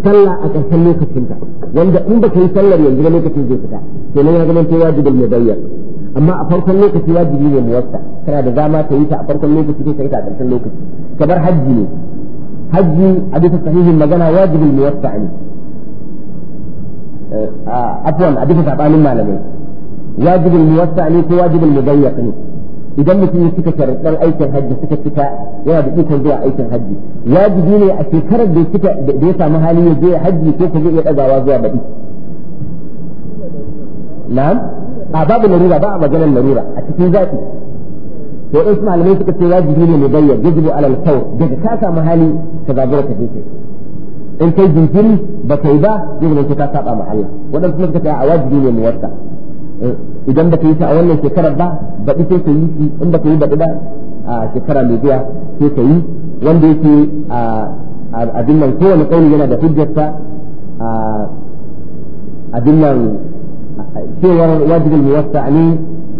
sallah a ƙarshen lokacinta wanda in ka yi sallar yanzu da lokacin zai fita nan ya zama cewa wajibul mubayyan amma a farkon lokaci wajibi ne muwassa kana da dama ta yi ta a farkon lokaci ko ka yi ta a ƙarshen lokaci kamar hajji ne hajji a bisa sahihin magana mu muwassa ne eh, afwan a bisa sabanin malamai wajibul muwassa ne ko wajibul mubayyan ne idan mutum ya suka sharuɗar aikin hajji suka cika yana da ikon zuwa aikin hajji wajibi ne a shekarar da suka da ya samu hali ya je hajji ko ka zai iya ɗagawa zuwa baɗi na'am a babu larura ba a maganar larura a cikin zafi to in su malamai suka ce wajibi ne mu bayyana yajibu alal kawr daga ka samu hali ka zagura ka je in kai jinkiri ba kai ba zai ka saba ma Allah waɗansu suka ce a wajibi ne mu wasa Eh, idan baka yi ta a wannan shekarar ba baɗi sai ka yi shi in baka yi baɗi ba a shekara mai zuwa sai ka yi wanda yake abin nan kowane kauli yana da hujjarsa a nan cewar wajibin muwasta ne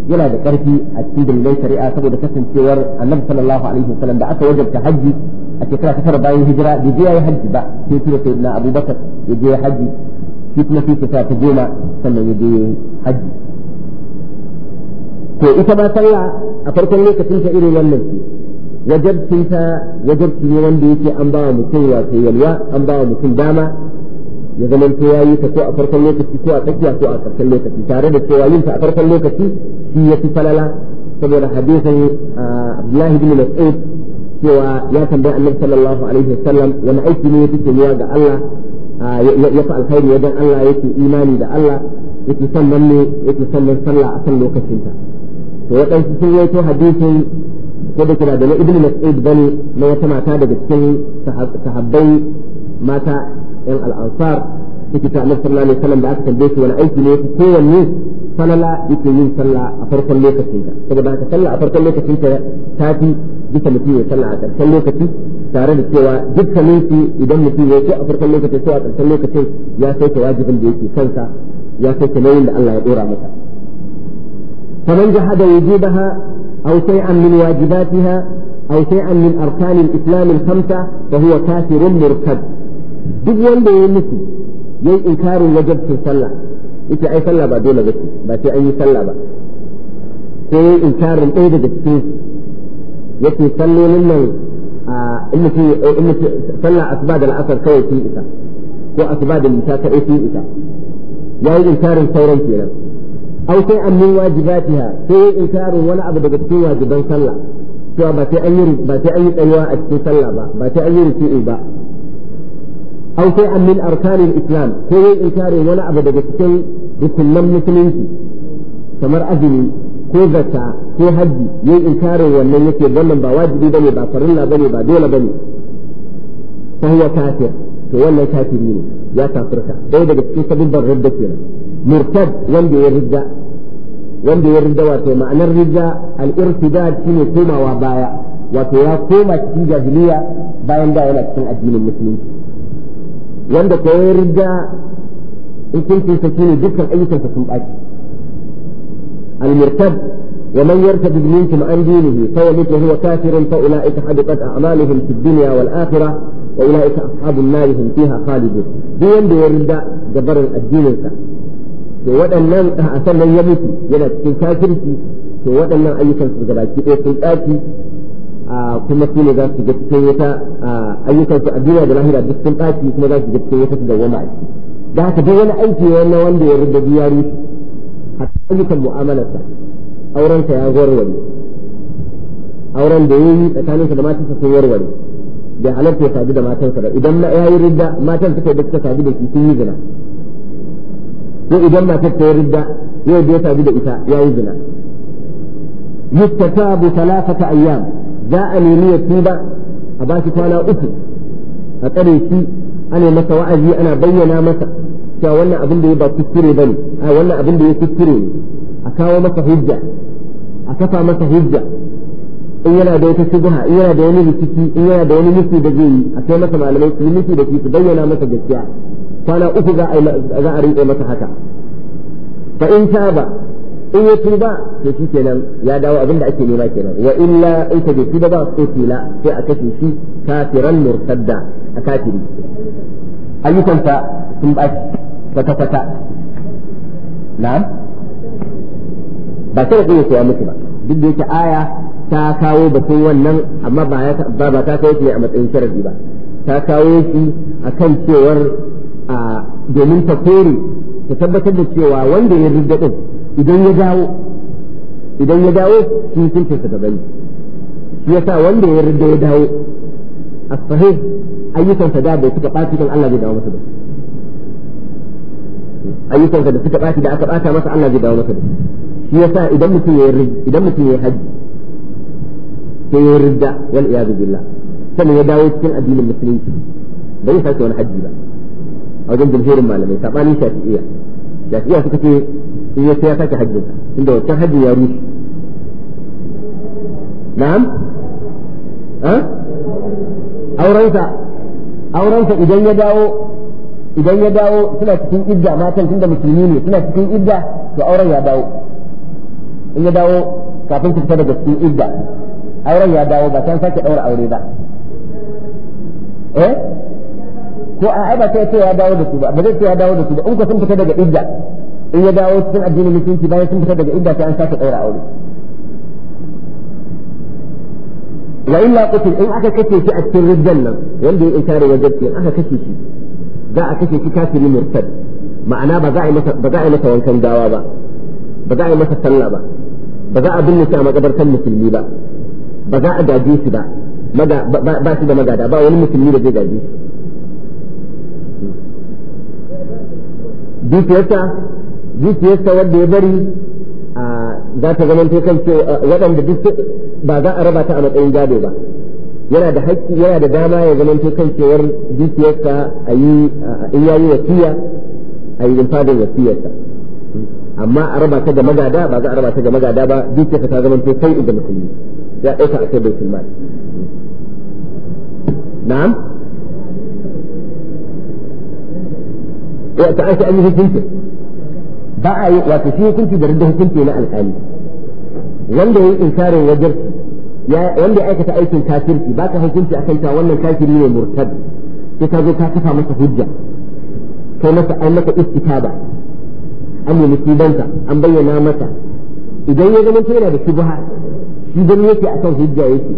yana da ƙarfi a cikin dalilai shari'a saboda kasancewar annabi sallallahu alaihi wasallam da aka wajabta hajji a shekara ta tara bayan hijira bai je yayi hajji ba sai tura sai abubakar ya je hajji shi kuma sai shekara ta goma sannan ya je hajji to ita ba sallah a farkon lokacin ta irin wannan ce wajabcin ta wajabci ne wanda yake an ba wa mutum wato yalwa an ba wa mutum dama ya zaman to yayi ta ko a farkon lokaci ko a tsakiya ko a ƙarshen lokaci tare da cewa yin ta a farkon lokaci shi ya fi falala saboda hadisan ah, Abdullahi bin Mas'ud cewa ya tambayi Annabi sallallahu alaihi wasallam wani aiki ne yake cewa ga Allah ah, ya fi alkhairi wajen Allah yake imani da Allah yake nan ne yake nan sallah a kan lokacinta to waɗansu sun yaito hadisin ko da kira da na ibn mas'ud bane na wata mata daga cikin sahabbai mata yan al'ansar suke ta annabi sallallahu alaihi wasallam da aka tambaye su wani aiki ne kowanne salala yake yin sallah a farkon lokacin ta saboda haka sallah a farkon lokacin ta ta fi bisa mutum ya sallah a ƙarshen lokaci tare da cewa dukkanin su idan mutum ya ce a farkon lokacin sai a ƙarshen lokacin ya sauke wajibin da yake kansa ya sauke nauyin da Allah ya dora masa فمن جحد وجوبها أو شيئا من واجباتها أو شيئا من أركان الإسلام الخمسة فهو كافر مرتد duk wanda ya mutu ya yi inkarin wajabcin sallah ita ai sallah ba dole ba ba sai an yi sallah ba ko ya yi inkarin ɗaya daga cikin yake sallolin nan a in mutu sallah asuba da la'asar kawai sun isa ko asuba da lisa kaɗai sun isa ya yi sauran kenan أو شيئا من واجباتها في إنكار ولا أبدا في واجبا صلى سواء باتي أي باتي أي صلى با باتي أي ركوع با أو شيئا من أركان الإسلام في إنكار ولا أبدا في بكل مسلم كمر أجل ko zakka ko hajji yayi inkarin wannan yake wannan ba wajibi bane ba farilla bane ba dole bane fa huwa kafir to wannan kafiri ne ya kafirka dai daga cikin sabibban murtad wanda ya ridda wanda ya rinda wato ma'anar rinda al'irtidad shi ne komawa baya wato ya koma cikin jahiliya bayan da yana cikin addinin musulunci wanda ko ya rinda in kun kinsa ne dukkan ayyukansa sun ɓaci al-murtab wa man yartab minkum an dinihi yi wa mithluhu wa kafirun fa ulaika hadiqat a'maluhum fid dunya wal akhirah wa ulaika ashabun nar hum fiha khalidun duk wanda ya rinda gabarin addinin sa to waɗannan a sannan ya mutu yana cikin kafirci to waɗannan ayyukan su baki ɗaya sun ɗaci kuma su ne za su ga cikin wata ayyukan su a duniya da lahira duk sun ɗaci kuma za su ga cikin wata su dawwama a ciki da haka duk wani aiki wani wanda ya riga biya rushe hatta ayyukan mu'amalarsa aurensa ya warware auren da ya yi tsakaninsa da matarsa sun warware bai halarta ya sadu da matarsa ba idan ya yi ridda matan suka yi da suka sadu da shi sun yi zina ko idan matar ta ridda yau da ya sadu da ita ya yi zina yustatabu talafata ayyam za a nemi ya tuba a ba shi kwana uku a tsare shi ana masa wa'azi ana bayyana masa cewa wannan abin da ya ba kuskure bane a wannan abin da ya kuskure ne a kawo masa hujja a kafa masa hujja in yana da wata shubha in yana da wani rikici in yana da wani nufi da zai yi a kai masa malamai su yi nufi da shi su bayyana masa gaskiya kwana uku za a rinƙe masa haka fa in taba in ya tuba to shi kenan ya dawo abin da ake nema kenan wa illa in ta bai tuba ba ko tila sai a kashe shi kafiran murtadda a kafiri ayyukansa sun ba kwata kwata na ba sai da ya mutu ba duk da yake aya ta kawo batun wannan amma ba ba ta kawo shi a matsayin sharadi ba ta kawo shi akan cewar domin ta kore ta tabbatar da cewa wanda ya ridda din idan ya dawo idan ya dawo shi sun ta daban shi yasa wanda ya ridda ya dawo a sahih ayyukansa da bai suka ɓaci don Allah zai dawo masa ayyukan ayyukansa da suka ɓaci da aka ɓata masa Allah zai dawo masa ba shi yasa idan mutum ya idan mutum ya haji sai ya ridda wal iyadu billah sannan ya dawo cikin addinin musulunci bai sake wani haji ba a wajen jumhurin malamai sabanin shafi'iyya shafi'iyya suka ce in ya ya sake hajjin inda wancan hajjin ya rushe na'am aurensa aurensa idan ya dawo idan ya dawo suna cikin idda matan tunda musulmi ne suna cikin idda to auren ya dawo in ya dawo kafin su fita daga cikin idda auren ya dawo ba san sake daura aure ba eh ko a ai ba sai ce ya dawo da su ba ba zai ce ya dawo da su ba in ka sun fita daga idda in ya dawo cikin addinin musulunci bayan sun fita daga idda sai an sake daura aure wa illa qutil in aka kace shi a cikin riddan nan wanda ya inkare wajibi in aka kace shi za a kace shi kafiri murtad ma'ana ba za a yi masa ba za a yi masa wankan gawa ba ba za a yi masa sallah ba ba za a binne shi a makabartar musulmi ba ba za a gaje shi ba ba shi da magada ba wani musulmi da zai gaje shi dukiyarta dukiyarta wanda ya bari za ta zama kan waɗanda duk ba za a raba ta a matsayin gado ba yana da haƙƙi yana da dama ya zama kan cewar dukiyarsa a yi in yayi wasiya a yi rumfadin wasiyarta amma a raba ta ga magada ba za a raba ta ga magada ba dukiyarta ta zama kai ga mutum ya ɗauka a kai baitul mal na'am wato an sai an yi hukunci ba a yi wato shi hukunci da rinda hukunci na alƙali wanda ya yi inkarin wajar wanda ya aikata aikin kafirci ba ka hukunci a kaita wannan kafiri ne murtad sai ka zo ka kafa masa hujja kai masa an masa istitaba an yi musibansa an bayyana masa idan ya zama yana da shubha shi gani yake a kan hujja yake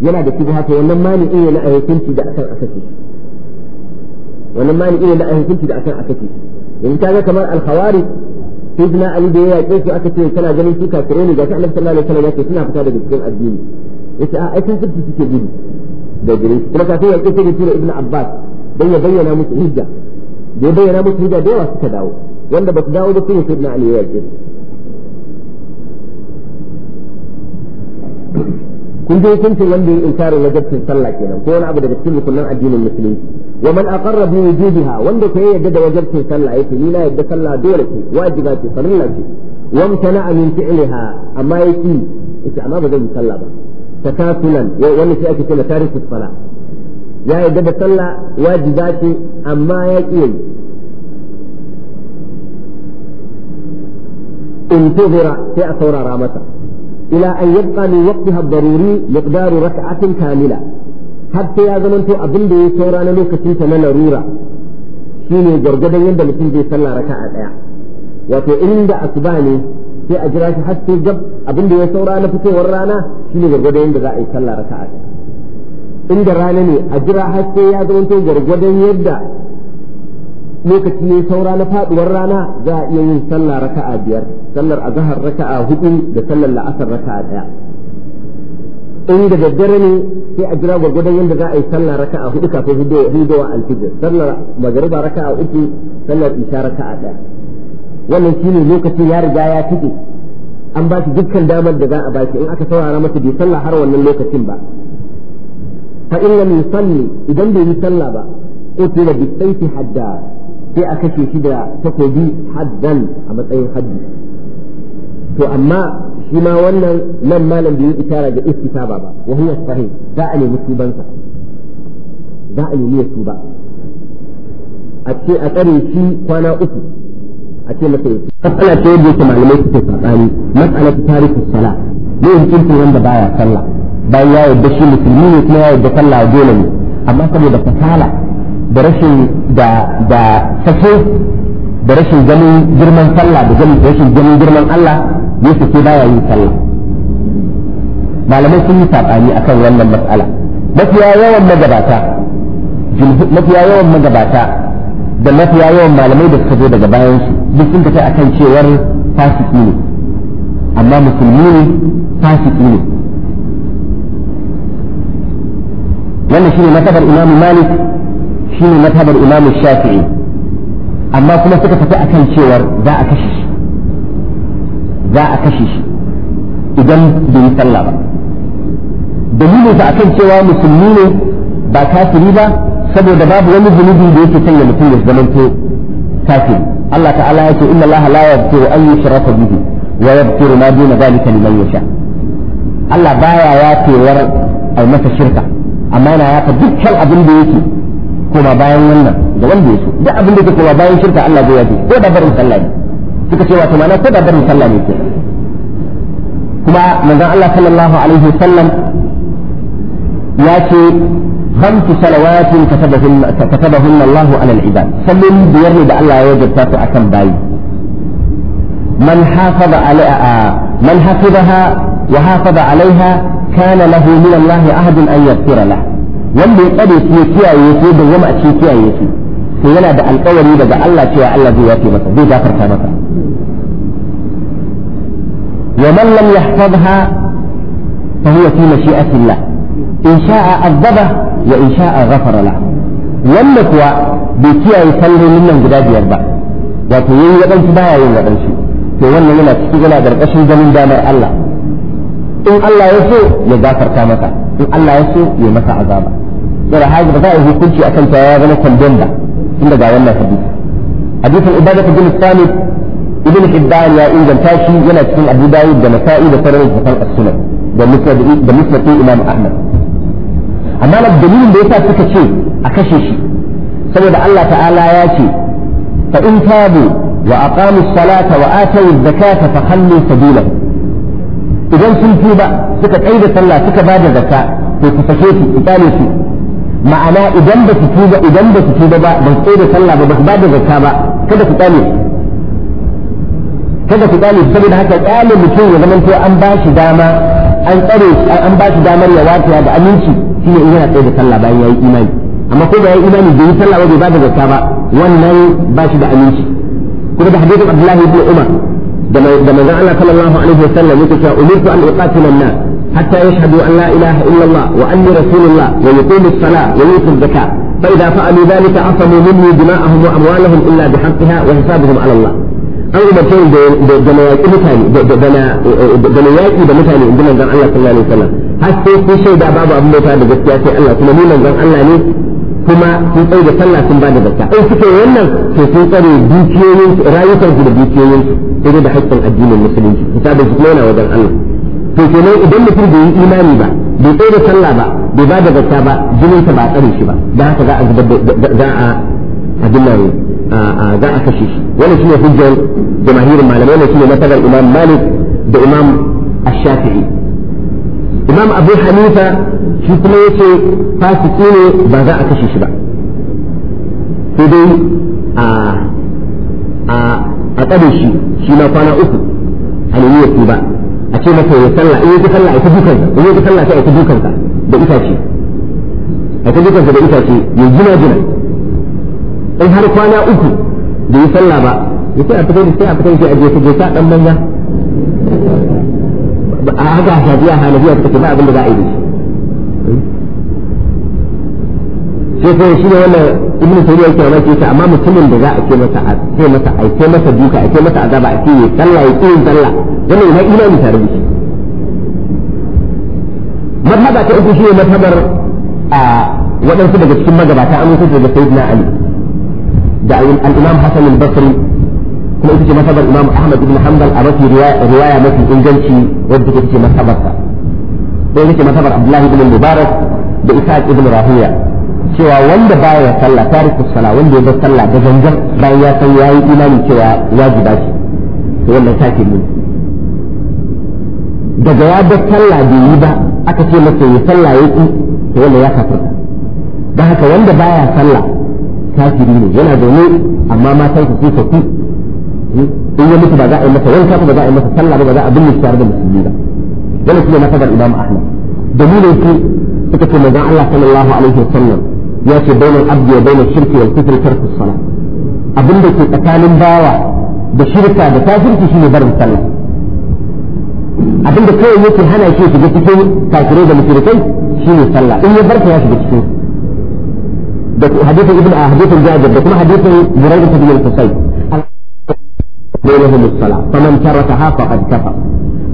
yana da shubha ta wannan mani in yana a hukunci da akan akashi wannan mani ne da an hukunci da akan aka ce in ka ga kamar al-khawari sayyidina ali da ya yake su aka ce kana ganin su kafire ne ga ta annabi sallallahu alaihi wasallam yake suna fita daga cikin addini yace a aikin su suke gudu da gare kuma kafin ya kace da ibnu abbas dan ya bayyana musu hujja da ya bayyana musu hujja da yawa suka dawo wanda ba su dawo ba sun sayyidina ali ya yake kun je kun ce wanda ya inkarin wajibcin sallah kenan ko wani abu daga cikin rukunin addinin musulunci wa man aqarra bi wujubiha wanda ko yadda da wajibcin sallah yake ni na yadda sallah dole ce wajiba ce farilla ce wa mutana min fi'liha amma yake yace amma ba zan yi sallah ba takasulan wani sai ake cewa tarikus sala ya yadda da sallah wajiba amma ya انتظر في أثور رامته إلى أن يبقى من وقتها الضروري مقدار ركعة كاملة har sai ya zamanto abin da ya saura na lokacin ta na larura shine gwargwadon yadda mutum zai sallah raka'a daya wato inda asuba ne sai a jira shi har sai gab abin da ya saura na fitowar rana shine gwargwadon yadda za a yi sallah raka'a daya inda rana ne a jira har sai ya zamanto gwargwadon yadda lokaci ne saura na faduwar rana za a iya yin sallah raka'a biyar sallar azhar raka'a hudu da sallar la'asar raka'a daya in da daddare ne sai a jira gwargwadon yadda za a yi sallah a hudu kafin hidowa alfijir sallar magariba a uku sallar isha a ɗaya wannan shi ne lokacin ya riga ya tike an ba shi dukkan damar da za a ba shi in aka saurara masa bai sallah har wannan lokacin ba fa in lam yusalli idan bai yi sallah ba utila bi bisaiti hadda sai a kashe shi da takobi haddan a matsayin haddi to amma shi ma wannan nan malam bai yi isara ga istitaba ba wa huwa sahih za a nemi tubansa za a nemi ya tuba a ce a tsare shi kwana uku a ce masa ya matsala ce yadda yake malamai suke sabani matsala ta tarihi sala ne hukunci wanda baya sallah bayan ya yarda shi musulmi ne kuma ya yarda sallah a dole ne amma saboda fasala da rashin da da da rashin ganin girman sallah da rashin ganin girman Allah ya sake baya yin sallah malamai sun yi sabani akan wannan matsala mafiya yawan magabata mafiya yawan magabata da mafiya yawan malamai da suka zo daga bayan su duk sun tafi akan cewar fasiki ne amma musulmi ne fasiki ne wannan shine matabar imamu malik shine matabar imamu shafi'i amma kuma suka tafi akan cewar za a kashe shi za a kashe shi idan bai yi sallah ba dalilin sa akan cewa musulmi ne ba kafiri ba saboda babu wani zunubi da yake sanya mutum ya zamanto kafiri Allah ta'ala ya ce inna Allah la yaghfiru an yushraka bihi wa yaghfiru ma duna dhalika liman yasha Allah baya yafewar ai masa shirka amma yana yafa dukkan abin da yake koma bayan wannan da wanda ya so duk abin da yake koma bayan shirka Allah zai yafe ko da barin sallah ne suka ce wato ma'ana ko da barin sallah ne ke kuma manzon Allah sallallahu alaihi wasallam ya ce خمس صلوات كتبهن كتبهن الله على العباد صلوا بيرني ده الله يوجب تاسو أكم باي من alaiha man من حفظها وحافظ عليها كان له من الله wanda ya tsare su ya kiyaye su da zama a kiyaye su to yana da alƙawari daga Allah cewa Allah zai yafe masa zai gafarta masa wa man lam yahfazha fa huwa fi mashi'ati Allah in sha'a azaba wa in sha'a ghafara la wanda kuwa bai kiyaye sallolin nan guda biyar ba wato yayi wadansu baya yin wadansu to wannan yana cikin yana garkashin ganin damar Allah in Allah ya so ya gafarta masa in Allah ya so ya masa azaba saboda haka ba za a yi hukunci akan ta ya zama kwandon ba tun ga wannan hadisi hadisin ibadatu bin salih ibn hibban ya inganta shi yana cikin abu da nasa'i da sauran littafan as-sunan da da musnad imam ahmad amma na dalilin da yasa suka ce a kashe shi saboda Allah ta'ala ya ce fa in tabu wa aqamu salata wa atu zakata fa khallu idan sun ba suka tsaida sallah suka bada zakka to ku sake su su ma'ana idan ba su tuba idan ba su tuba ba ba su da sallah ba ba su ba da zakka ba kada ku tsale kada su tsale saboda haka tsale mutum ya zamanto an ba shi dama an tsare an ba shi damar ya wata da aminci shine in yana tsaye da sallah bayan yayi imani amma ko da yayi imani bai yi sallah ba bai ba da zakka ba wannan ba shi da aminci kuma da hadisin Abdullahi ibn Umar da manzon Allah sallallahu alaihi wasallam yake cewa umirtu an uqatila an-nas حتى يشهدوا أن لا إله إلا الله وأني رسول الله ويقيموا الصلاة ويؤتوا الزكاة فإذا فعلوا ذلك عصموا مني دماءهم وأموالهم إلا بحقها وحسابهم على الله an umarce da na yaƙi mutane da na yaƙi da mutane in ji manzon Allah sallallahu alaihi wasallam har sai sun shaida babu abin bauta da gaskiya sai Allah kuma ni manzon Allah ne kuma sun tsaye da sallah sun ba da zakka in suke wannan to sun tsare dukiyoyin rayukansu da dukiyoyin su da haƙƙin addinin musulunci ta da kuma wajen Allah to kenan idan mutum bai yi imani ba bai tsaye da sallah ba bai ba da zakka ba jinin ba a tsare shi ba da haka za a zubar za a abin za a kashe shi wannan shine hujjar jamahirin malamai wannan shine masalar imam malik da imam ash-shafi'i imam abu hanifa shi kuma yace fasiki ne ba za a kashe shi ba sai dai a a tsare shi shi ma kwana uku a ba a ce mata ya sallah in yake sallah a ta dukan in yake sallah sai a ta dukan ka da itace a ta dukan ka da itace ya gina gina in har kwana uku da yi sallah ba ya ce a fita da sai a fita sai je ta je ta dan manya a haka shafiya halabiya ta ce ba abin da za a yi da shi to sai shi ne wannan ibnu tayyiba yake wannan yake amma mutumin da za a ce masa a ce masa a ce masa duka a ce masa azaba a ce ya sallah ya ce sallah wannan ina ni tare da shi madhaba ta uku shi ne madhabar a waɗansu daga cikin magabata an mutu daga sayyidina ali da al-imam hasan al-basri kuma ita ce masabar imam ahmad ibn hanbal a mafi riwaya mafi inganci wadda take ce masabarsa sai ita ce masabar abdullahi ibn mubarak da isaac ibn rahiya cewa wanda baya sallah tariku sala wanda ya bar sallah da gangan bayan ya san yayi imani cewa wajiba ce to wannan sake ne daga ya bar sallah bai yi ba aka ce masa ya sallah ya ki to wannan ya kafirta dan haka wanda baya sallah kafiri ne yana zaune amma matan ku ku ku in ya mutu ba za a yi masa kafa ba za a yi masa sallah ba za a binne shi da musulmi ba wannan shine na fadar Imam Ahmad dalilin su suka ce manzon Allah sallallahu alaihi wasallam ياتي بين العبد وبين الشرك والكفر ترك الصلاة أبن لك أكال باوع بشركة بكافر تشين برد الصلاة أبن لك كوي يكي هنا شيء في جتكين كافرين بمشركين شين الصلاة برد يبرك ياش بتشين حديث ابن حديث الجابر ده ما حديث بريدة بن الحسين بينهم الصلاة فمن تركها فقد كفر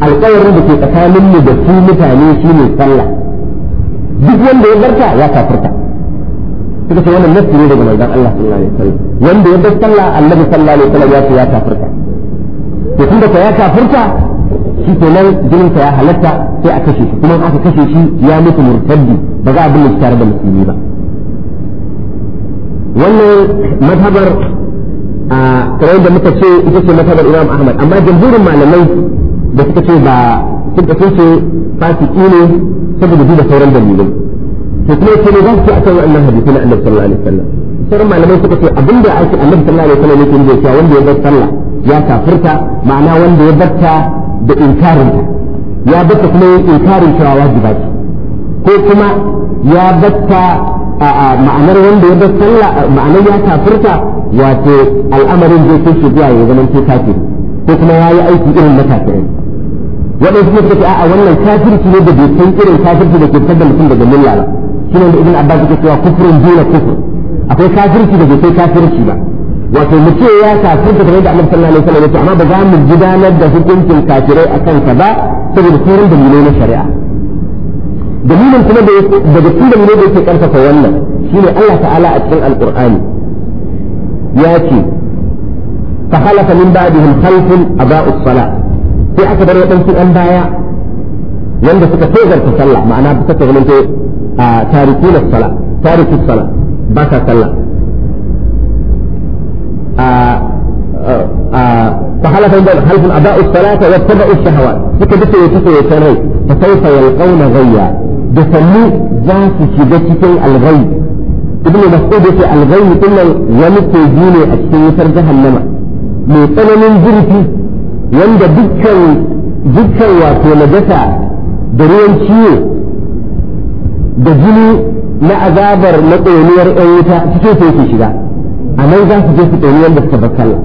القول ده في أكال تاني بسيمة شين الصلاة duk wanda ya barka ya suka ce wannan nafsi ne daga manzon Allah sallallahu alaihi wasallam wanda ya bar sallah annabi sallallahu alaihi wasallam ya ce ya kafirta to tunda ka ya kafirta shi ke nan jinin ya halatta sai a kashe shi kuma aka kashe shi ya mutu murtaddi ba za a bin shi tare da musulmi ba wannan madhabar a kamar da muka ce ita ce madhabar Imam Ahmad amma jamhurin malamai da suka ce ba sun ce fasiki ne saboda duba sauran dalilai to kuma yake ne za su akan wannan hadisi na annabi sallallahu alaihi wasallam sauran malamai suka ce abin da ake annabi sallallahu alaihi wasallam yake cewa wanda ya bar sallah ya kafirta ma'ana wanda ya barta da inkarin ta ya barta kuma ya inkarin cewa wajiba ce ko kuma ya barta ma'anar wanda ya bar sallah ma'anar ya kafirta wato al'amarin zai kai shi zuwa ya zama ce kafiri ko kuma ya yi aiki irin na kafirai waɗansu suka ce a'a wannan kafirci ne da bai san irin kafirci da ke fitar da mutum daga milla ba shine da ibn abbas yake cewa kufrun dole kufr akwai kafirci da sai kai kafirci ba wato mu ce ya kafirta kamar da annabi sallallahu alaihi wasallam ya amma ba za mu gudanar da hukuncin kafirai akan ka ba saboda sauran dalilai na shari'a dalilin kuma da daga cikin dalilai da yake karfafa wannan shine Allah ta'ala a cikin alqur'ani ya ce fa khalafa min ba'dihim khalfun aba'us salat sai aka bar wadansu an baya wanda suka tozarta sallah ma'ana suka tozarta a tarikuna sala tariku sala ba sa sallah a فحلف عندهم حلف أباء الصلاة واتبعوا الشهوات suka duka ya suka ya rai fa sawfa yalqawna ghayya da sannu za su shiga cikin alghayy ibnu mas'ud yace alghayy kullal wani teji ne a cikin wutar jahannama mai tsananin zurfi wanda dukkan dukkan wato najasa da ruwan ciwo da jini na azabar na ɗoniyar ‘yan wuta cikin su yake shiga a nan za su je su ɗoni wanda suka bar sallah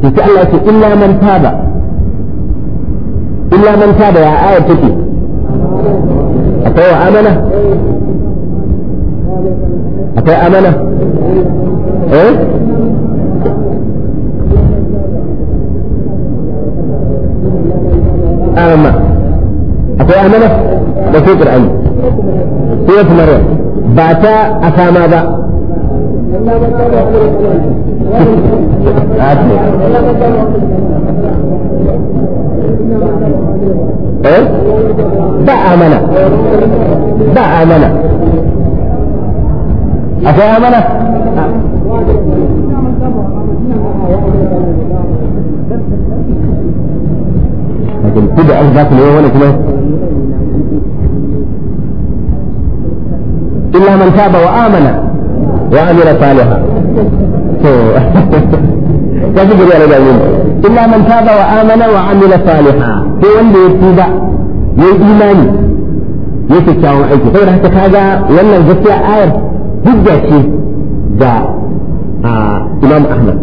to Allah ce illa man taba illa man taba ya ayar take akwai wa amana akwai amana eh amma akwai amana da sai Qur'ani سورة مريم باتا أسامة با ba amana ba amana akwai amana لكن بدعة ذات اليوم ولا إلا من تاب وآمن وعمل صالحا <laughs> يجب يا رجال إلا من تاب وآمن وعمل صالحا في wanda ya tuba ya yi imani ya kyakkyawan aiki saboda haka kaga wannan gaskiya ayar hujja ce ga Imam Ahmad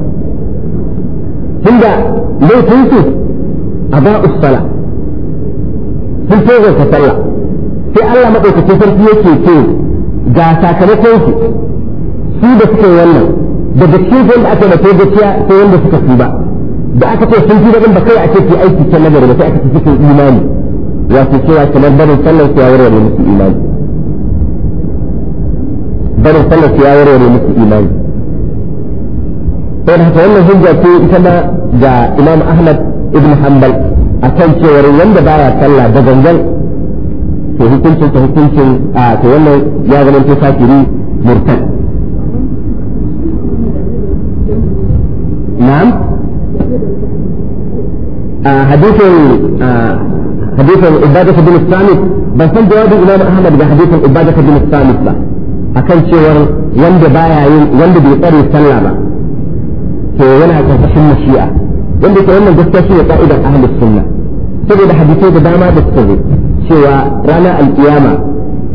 tunda laifin su a ba'us sala sun tozarta sallah sai Allah maɗaukacin sarki yake ce ga sakamakon su su da suke wannan daga cikin wanda aka da gaskiya sai wanda suka fi ba da aka ce sun fi da ba kai a ce ki aiki ta nagari ba sai aka ce cikin imani wato cewa kamar barin sallar su ya warware musu imani barin sallar su ya warware musu imani sai da haka wannan hujja ce ita ma ga Imam Ahmad ibn Hanbal akan cewa wanda baya sallah da gangan فهكمتن فهكمتن آه تولى يا غلم تفاكري مرتد نعم آه حديث آه حديث العبادة في الدين الثالث بس من جواب الإمام أحمد حديث العبادة في الدين الثالث لا أكل شهر يند بايعين يند بيطري سلامة في ولا تفحم الشيئة يند تولى جستشي قائدة أهل السنة سبب حديثي بدامة بالسبب cewa ranar alkiyama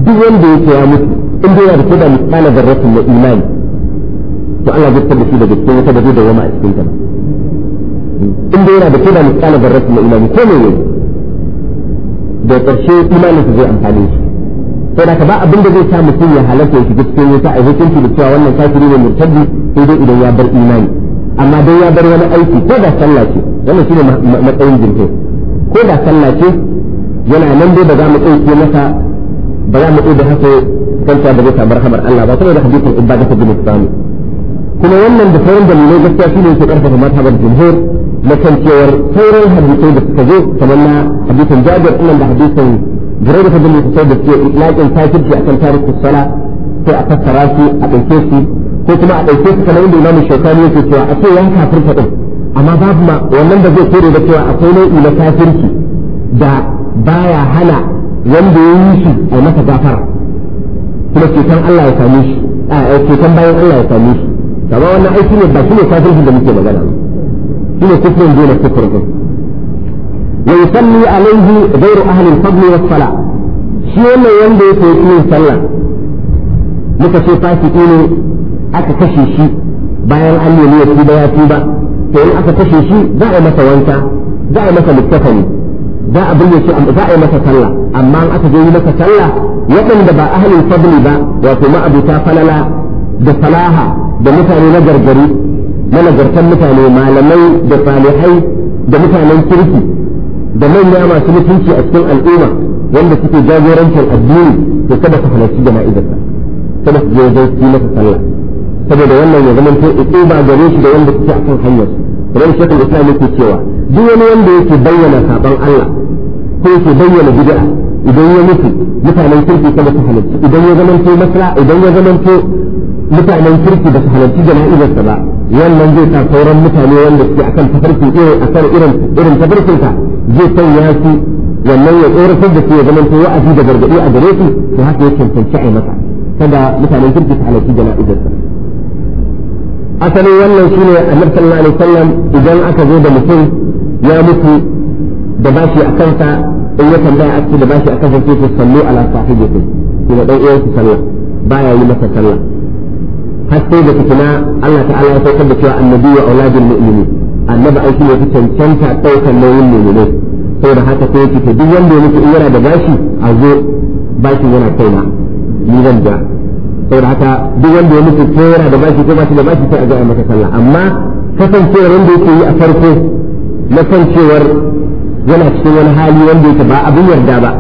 duk wanda yake ya mutu in dai yana da koda misalan zarratin na imani to Allah zai tabbata daga cikin wata da zai da wama a cikin ta in dai yana da koda misalan zarratin na imani ko ne ne da karshe imanin su zai amfane shi sai da ka ba abin da zai sa mutum ya halarta ya shiga cikin wuta a hukunci da cewa wannan kafiri ne murtaddi sai dai idan ya bar imani amma dai ya bar wani aiki ko da sallah ce wannan shine matsayin jinkai ko da sallah ce yana nan dai ba za mu ɗauke masa ba za mu ɗauke haka kanta da zai samu rahamar Allah ba saboda hadisin ibadatu bin Islam kuma wannan da sauran dalilai gaskiya shi ne yake karfafa mazhabar jumhur na kan cewar sauran hadisai da suka zo kamar na hadisin Jabir ɗin da hadisin Buraida bin Musa da ke itlaqin kafirci akan tarihi sala sai a fassara shi a ɗauke shi ko kuma a ɗauke su kamar inda Imam Shawkani yake cewa a ce yan kafirta din amma babu ma wannan da zai kore da cewa akwai nau'i na kafirci da baya hana wanda ya yi shi a masa gafara kuma ceton Allah ya same shi a ceton bayan Allah ya same shi kama wannan aiki ne ba shi ne kafirci da muke magana shi ne kufurin dole kufurin din wa yusalli alaihi ghairu ahli al-fadl wa sala shi wannan wanda ya yake yin sallah muka ce fasiki ne aka kashe shi bayan an nemi ya tuba ya tuba to in aka kashe shi za a masa wanka za a masa littafani za a shi za a yi masa sallah amma in aka je yi masa sallah waɗanda ba ahalin fadli ba wato ma'abuta falala da salaha da mutane na gargari na nagartan mutane malamai da salihai da mutanen kirki da manya masu mutunci a cikin al'umma wanda suke jagorancin addini to kada su halarci jana'izarsa kada su je wajen yi masa sallah saboda wannan ya zama ta ba gare shi da wanda suke akan hanyar kamar shekul islam yake cewa duk wani wanda yake bayyana saban Allah ko yake bayyana bid'a idan ya mutu mutanen kirki kada su halarci idan ya zamanto masra idan ya zamanto mutanen kirki da su halarci jana'izarsa ba wannan zai sa sauran mutane wanda suke akan tafarki irin akan irin irin tafarkinsa zai sanya su wannan ya tsoratar da su ya zamanto wa'azi da gargaɗi a gare su to haka ya cancanci a masa kada mutanen kirki su halarci jana'izarsa asalin wannan shine annabi sallallahu alaihi wasallam idan aka zo da mutum ya mutu da bashi a kansa in ya tambaya a da bashi a kansa sai ku sallu ala sahibikum ku da dan uwanku sallah baya yi masa sallah har sai da kuma Allah ta'ala ya saukar da cewa annabi wa auladin mu'mini annabi aiki ne ta cancanta daukar nauyin sai da haka sai yake to duk wanda ya mutu in yana da bashi a zo bashi yana kaina ni zan ja da haka duk wanda ya mutu ko yana da bashi ko bashi da bashi sai a zo a masa sallah amma kasancewar wanda yake yi a farko na san cewar yana cikin wani hali wanda yake ba abin yarda ba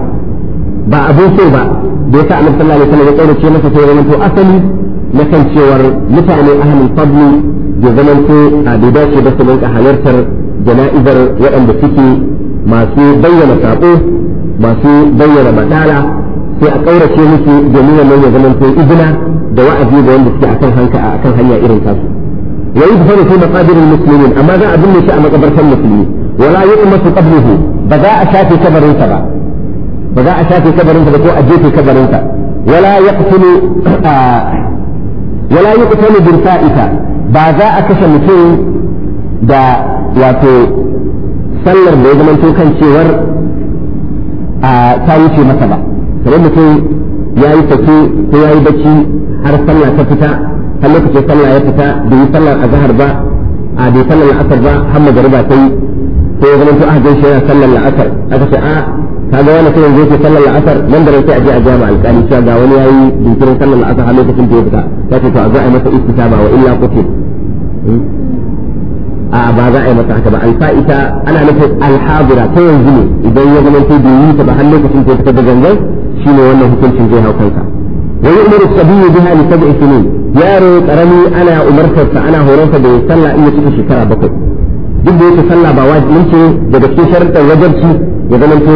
ba abin so ba da yasa annabi sallallahu alaihi wasallam ya kaurace masa sai ya to asali na kan cewar mutane ahlul fadli ya zaman ko a da dace ba su rinka halartar jana'izar waɗanda suke masu bayyana sako masu bayyana badala sai a kaurace musu domin wannan ya zaman ko izina da wa'azi da wanda suke akan hanka akan hanya irin tasu ويدفن في مقابر المسلمين اما ذا أدل شيء مقبرة المسلمين ولا يؤمس قبره بدا أشافي كبر انتبع بذا أشافي كبر انتبع أجيتي كبر انتبع ولا يقتل ولا يقتل بالفائتة بذا اكش مثل دا واتو سلر da ya zama to kan cewar مثلا فلما تو ياي تكي تو ياي بكي yi sake har sallah ta fita har lokacin sallah ya fita da yi sallar azhar ba a bai sallar la'asar ba har magariba ta yi ko ya zama to aka shi yana sallar la'asar aka ce a kaga wani sai yanzu yake sallar la'asar nan da sai a je a jama alƙali cewa ga wani yayi jinkirin sallar la'asar har lokacin da ya fita ta ce to a za a yi masa ba wa illa qutil hmm? a ba za a yi masa haka ba ita ana nufin alhabira ta yanzu ne idan ya zama to bai yi ta ba har lokacin da ya fita da gangan shine wannan hukuncin zai hau kanka wa yu'maru sabiyyu biha li sab'i sinin yaro karami ana sa ana horonsa da sallah in ya cika shekara bakwai duk da yake sallah ba wajibi ce daga cikin sharuɗan wajarci ya zamanto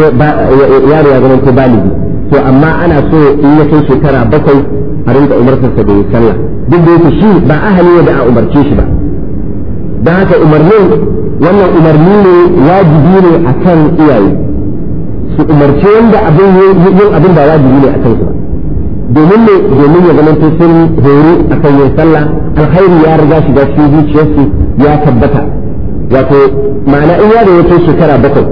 yaro ya zamanto balibi to amma ana so in ya kai shekara bakwai a rinka sa da sallah duk da yake shi ba ahali da a umarce shi ba dan haka umarni wannan umarni ne wajibi ne akan iyaye su umarce wanda abin yin abin ba wajibi ne a kansu ba domin ne domin ya zama to sun horo a kan yin sallah alkhairi ya riga shiga cikin zuciyarsu ya tabbata wato ma'ana in ya ya kai shekara bakwai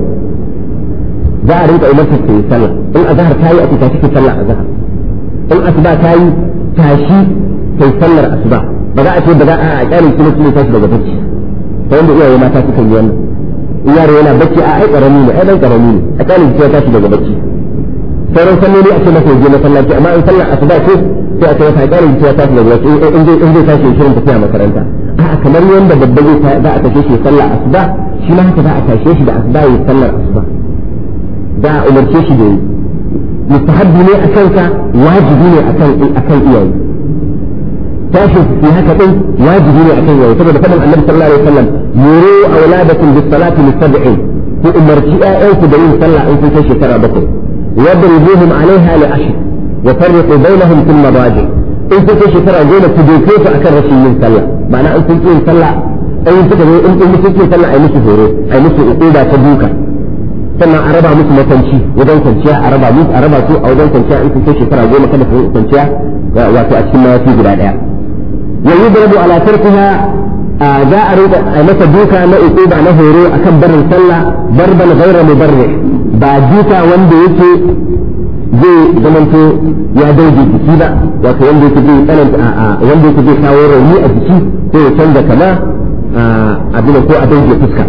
za a rinka umarta ta yi sallah in azahar ta yi a kuta take sallah azhar in asuba ta yi tashi ta yi sallar asuba ba za a ce ba za a a kyalin kilo kilo tashi daga bacci ta wanda iyaye mata sukan yi wannan in yaro yana bacci a ai karami ne ai dan karami ne a kyalin kilo tashi daga bacci sauran salloli a ce masa ya je masallaci amma in sallar asuba ce sai aka yi haƙari ya tashi daga wasu eh, in zai in zai tashi shirin tafiya makaranta a'a kamar yadda babba zai za a tashe shi sallar asuba shi ma haka za a tashe shi da asuba ya sallar asuba za a umarce shi da yi mustahabbi ne a kanka wajibi ne a kan iyaye tashin su haka din wajibi ne akan iyaye saboda faɗin annabi sallallahu alaihi wasallam yuru auladakum bis salati lis sab'in ku umarci ayyanku da yin sallah in kun kai shekara bakwai يضربوهم عليها لأشهر يفرق بينهم في المضاجع إن كنت شكرا جينا تدوكيك أكرر شيء من سلة معنى إن كنت ينسلة in suka zo in kuma suke sallah ai musu horo ai musu uquba ta duka sannan a raba musu matanci wajen kwanciya a raba musu a raba su a wajen kwanciya in kun kai shekara goma kada ku kwanciya wato a cikin mayafi guda daya yayi darabu ala tarkiha za a rinka masa duka na uku ba na horo a kan barin sallah barban gaira mubarri ba duka wanda yake zai zamanto ya dauje jiki ba wato wanda yake zai tsananta wanda yake zai kawo rauni a jiki ko ya canza kama abin ko a dauje fuska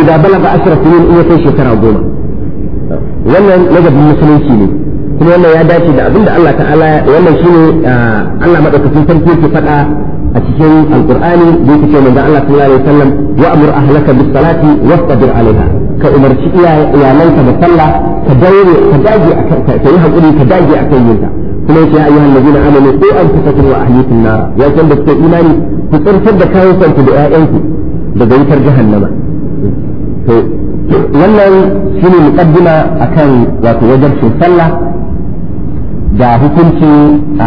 idan balaga ashra sinin in ya kai shekara goma wannan ladabin musulunci ne kuma wannan ya dace da abin da Allah ta'ala wannan shine Allah madaukakin sarki yake faɗa أتكلم القرآن بيك في من الله صلى الله عليه وسلم وأمر أهلك بالصلاة واصطبر عليها كأمر شئيا يا من تبصلى تداجي تداجي كيها قولي تداجي أكيدها كما يا أيها الذين آمنوا قوا أنفسكم وأهليكم النار يا جنب بس إيماني تصير تبدا كاوسا تبدا أنت لديك جهنم wannan shi مقدمة أكان akan wato wajen sallah da hukuncin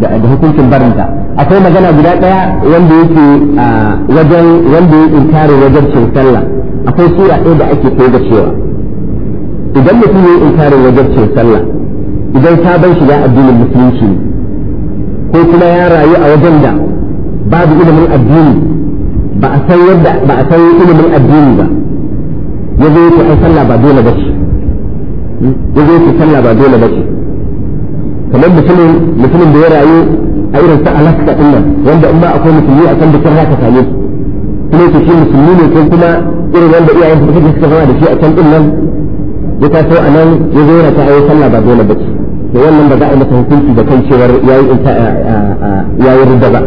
da hukuncin barinta akwai magana guda daya wanda yake wajen wanda ya inkari wajen cin sallah akwai sura ɗaya da ake kai da cewa idan mutum ya inkari wajen cin sallah idan ta ban shiga addinin musulunci ko kuma ya rayu a wajen da babu ilimin addini ba a san yadda ba a san ilimin addini ba ya zo yake sallah ba dole ba ce hmm? ya zo yake sallah ba dole ba ce kamar mutumin mutumin da ya rayu a irin ta Alaska din nan wanda in ba akwai musulmi a kan dukkan haka same su kuma yake shi musulmi ne ko kuma irin wanda iyayen su suke suka zama da shi a can din nan ya taso a nan ya zo yana ta ayi sallah ba dole ba da wannan ba za a yi masa hukunci da kan cewar yayi yayi rida ba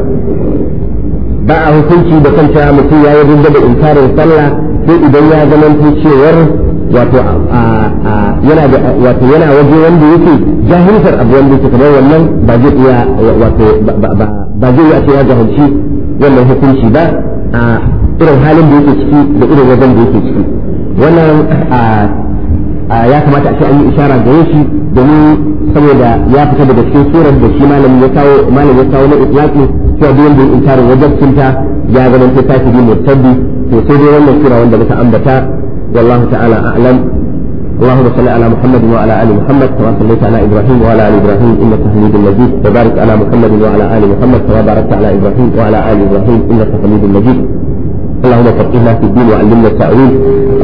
ba a hukunci da kan cewa mutum yayi rida da inkarin sallah sai idan ya zama cewar wato yana da wato yana waje wanda yake jahiltar abu wanda yake kamar wannan ba zai iya wato ba zai iya ce ya jahilci wannan hukunci ba a irin halin da yake ciki da irin wajen da yake ciki wannan ya kamata a ce an yi ishara gare shi domin saboda ya fita daga cikin surar da shi malamin ya kawo malamin ya kawo na islaki cewa da in ya wajen cinta ya zama ta tafi murtabi to sai dai wannan sura wanda muka ambata والله تعالى أعلم اللهم صل على محمد وعلى ال محمد كما صليت على ابراهيم وعلى ال ابراهيم انك حميد مجيد وبارك على محمد وعلى ال محمد كما باركت على ابراهيم وعلى ال ابراهيم انك حميد مجيد اللهم فقهنا في الدين وعلمنا التاويل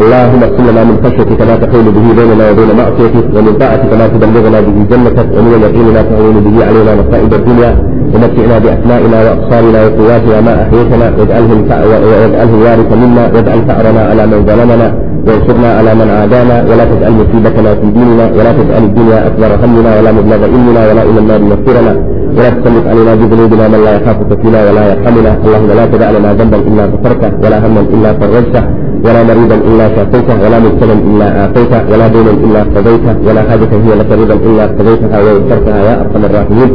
اللهم اغفر لنا من خشيتك ما تحول به بيننا وبين معصيتك ومن طاعتك ما تبلغنا به جنتك ومن اليقين ما تعين به علينا مصائب الدنيا ومتعنا باسمائنا وابصارنا وقواتنا ما احييتنا واجعله الوارث منا واجعل ثارنا على من ظلمنا وانصرنا على من عادانا ولا تجعل مصيبتنا في ديننا ولا تجعل الدنيا اكبر همنا ولا مبلغ علمنا ولا الى النار مصيرنا ولا تسلط علينا بذنوبنا من لا يخافك فينا ولا يرحمنا اللهم لا تدع لنا ذنبا الا غفرته ولا هما الا فرجته ولا مريضا الا شافيته ولا مبتلا الا اعطيته ولا دينا الا قضيته ولا حاجه هي لك رضا الا قضيتها ويسرتها يا ارحم الراحمين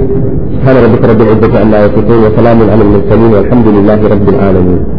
سبحان ربك رب العزه عما يصفون وسلام على المرسلين والحمد لله رب العالمين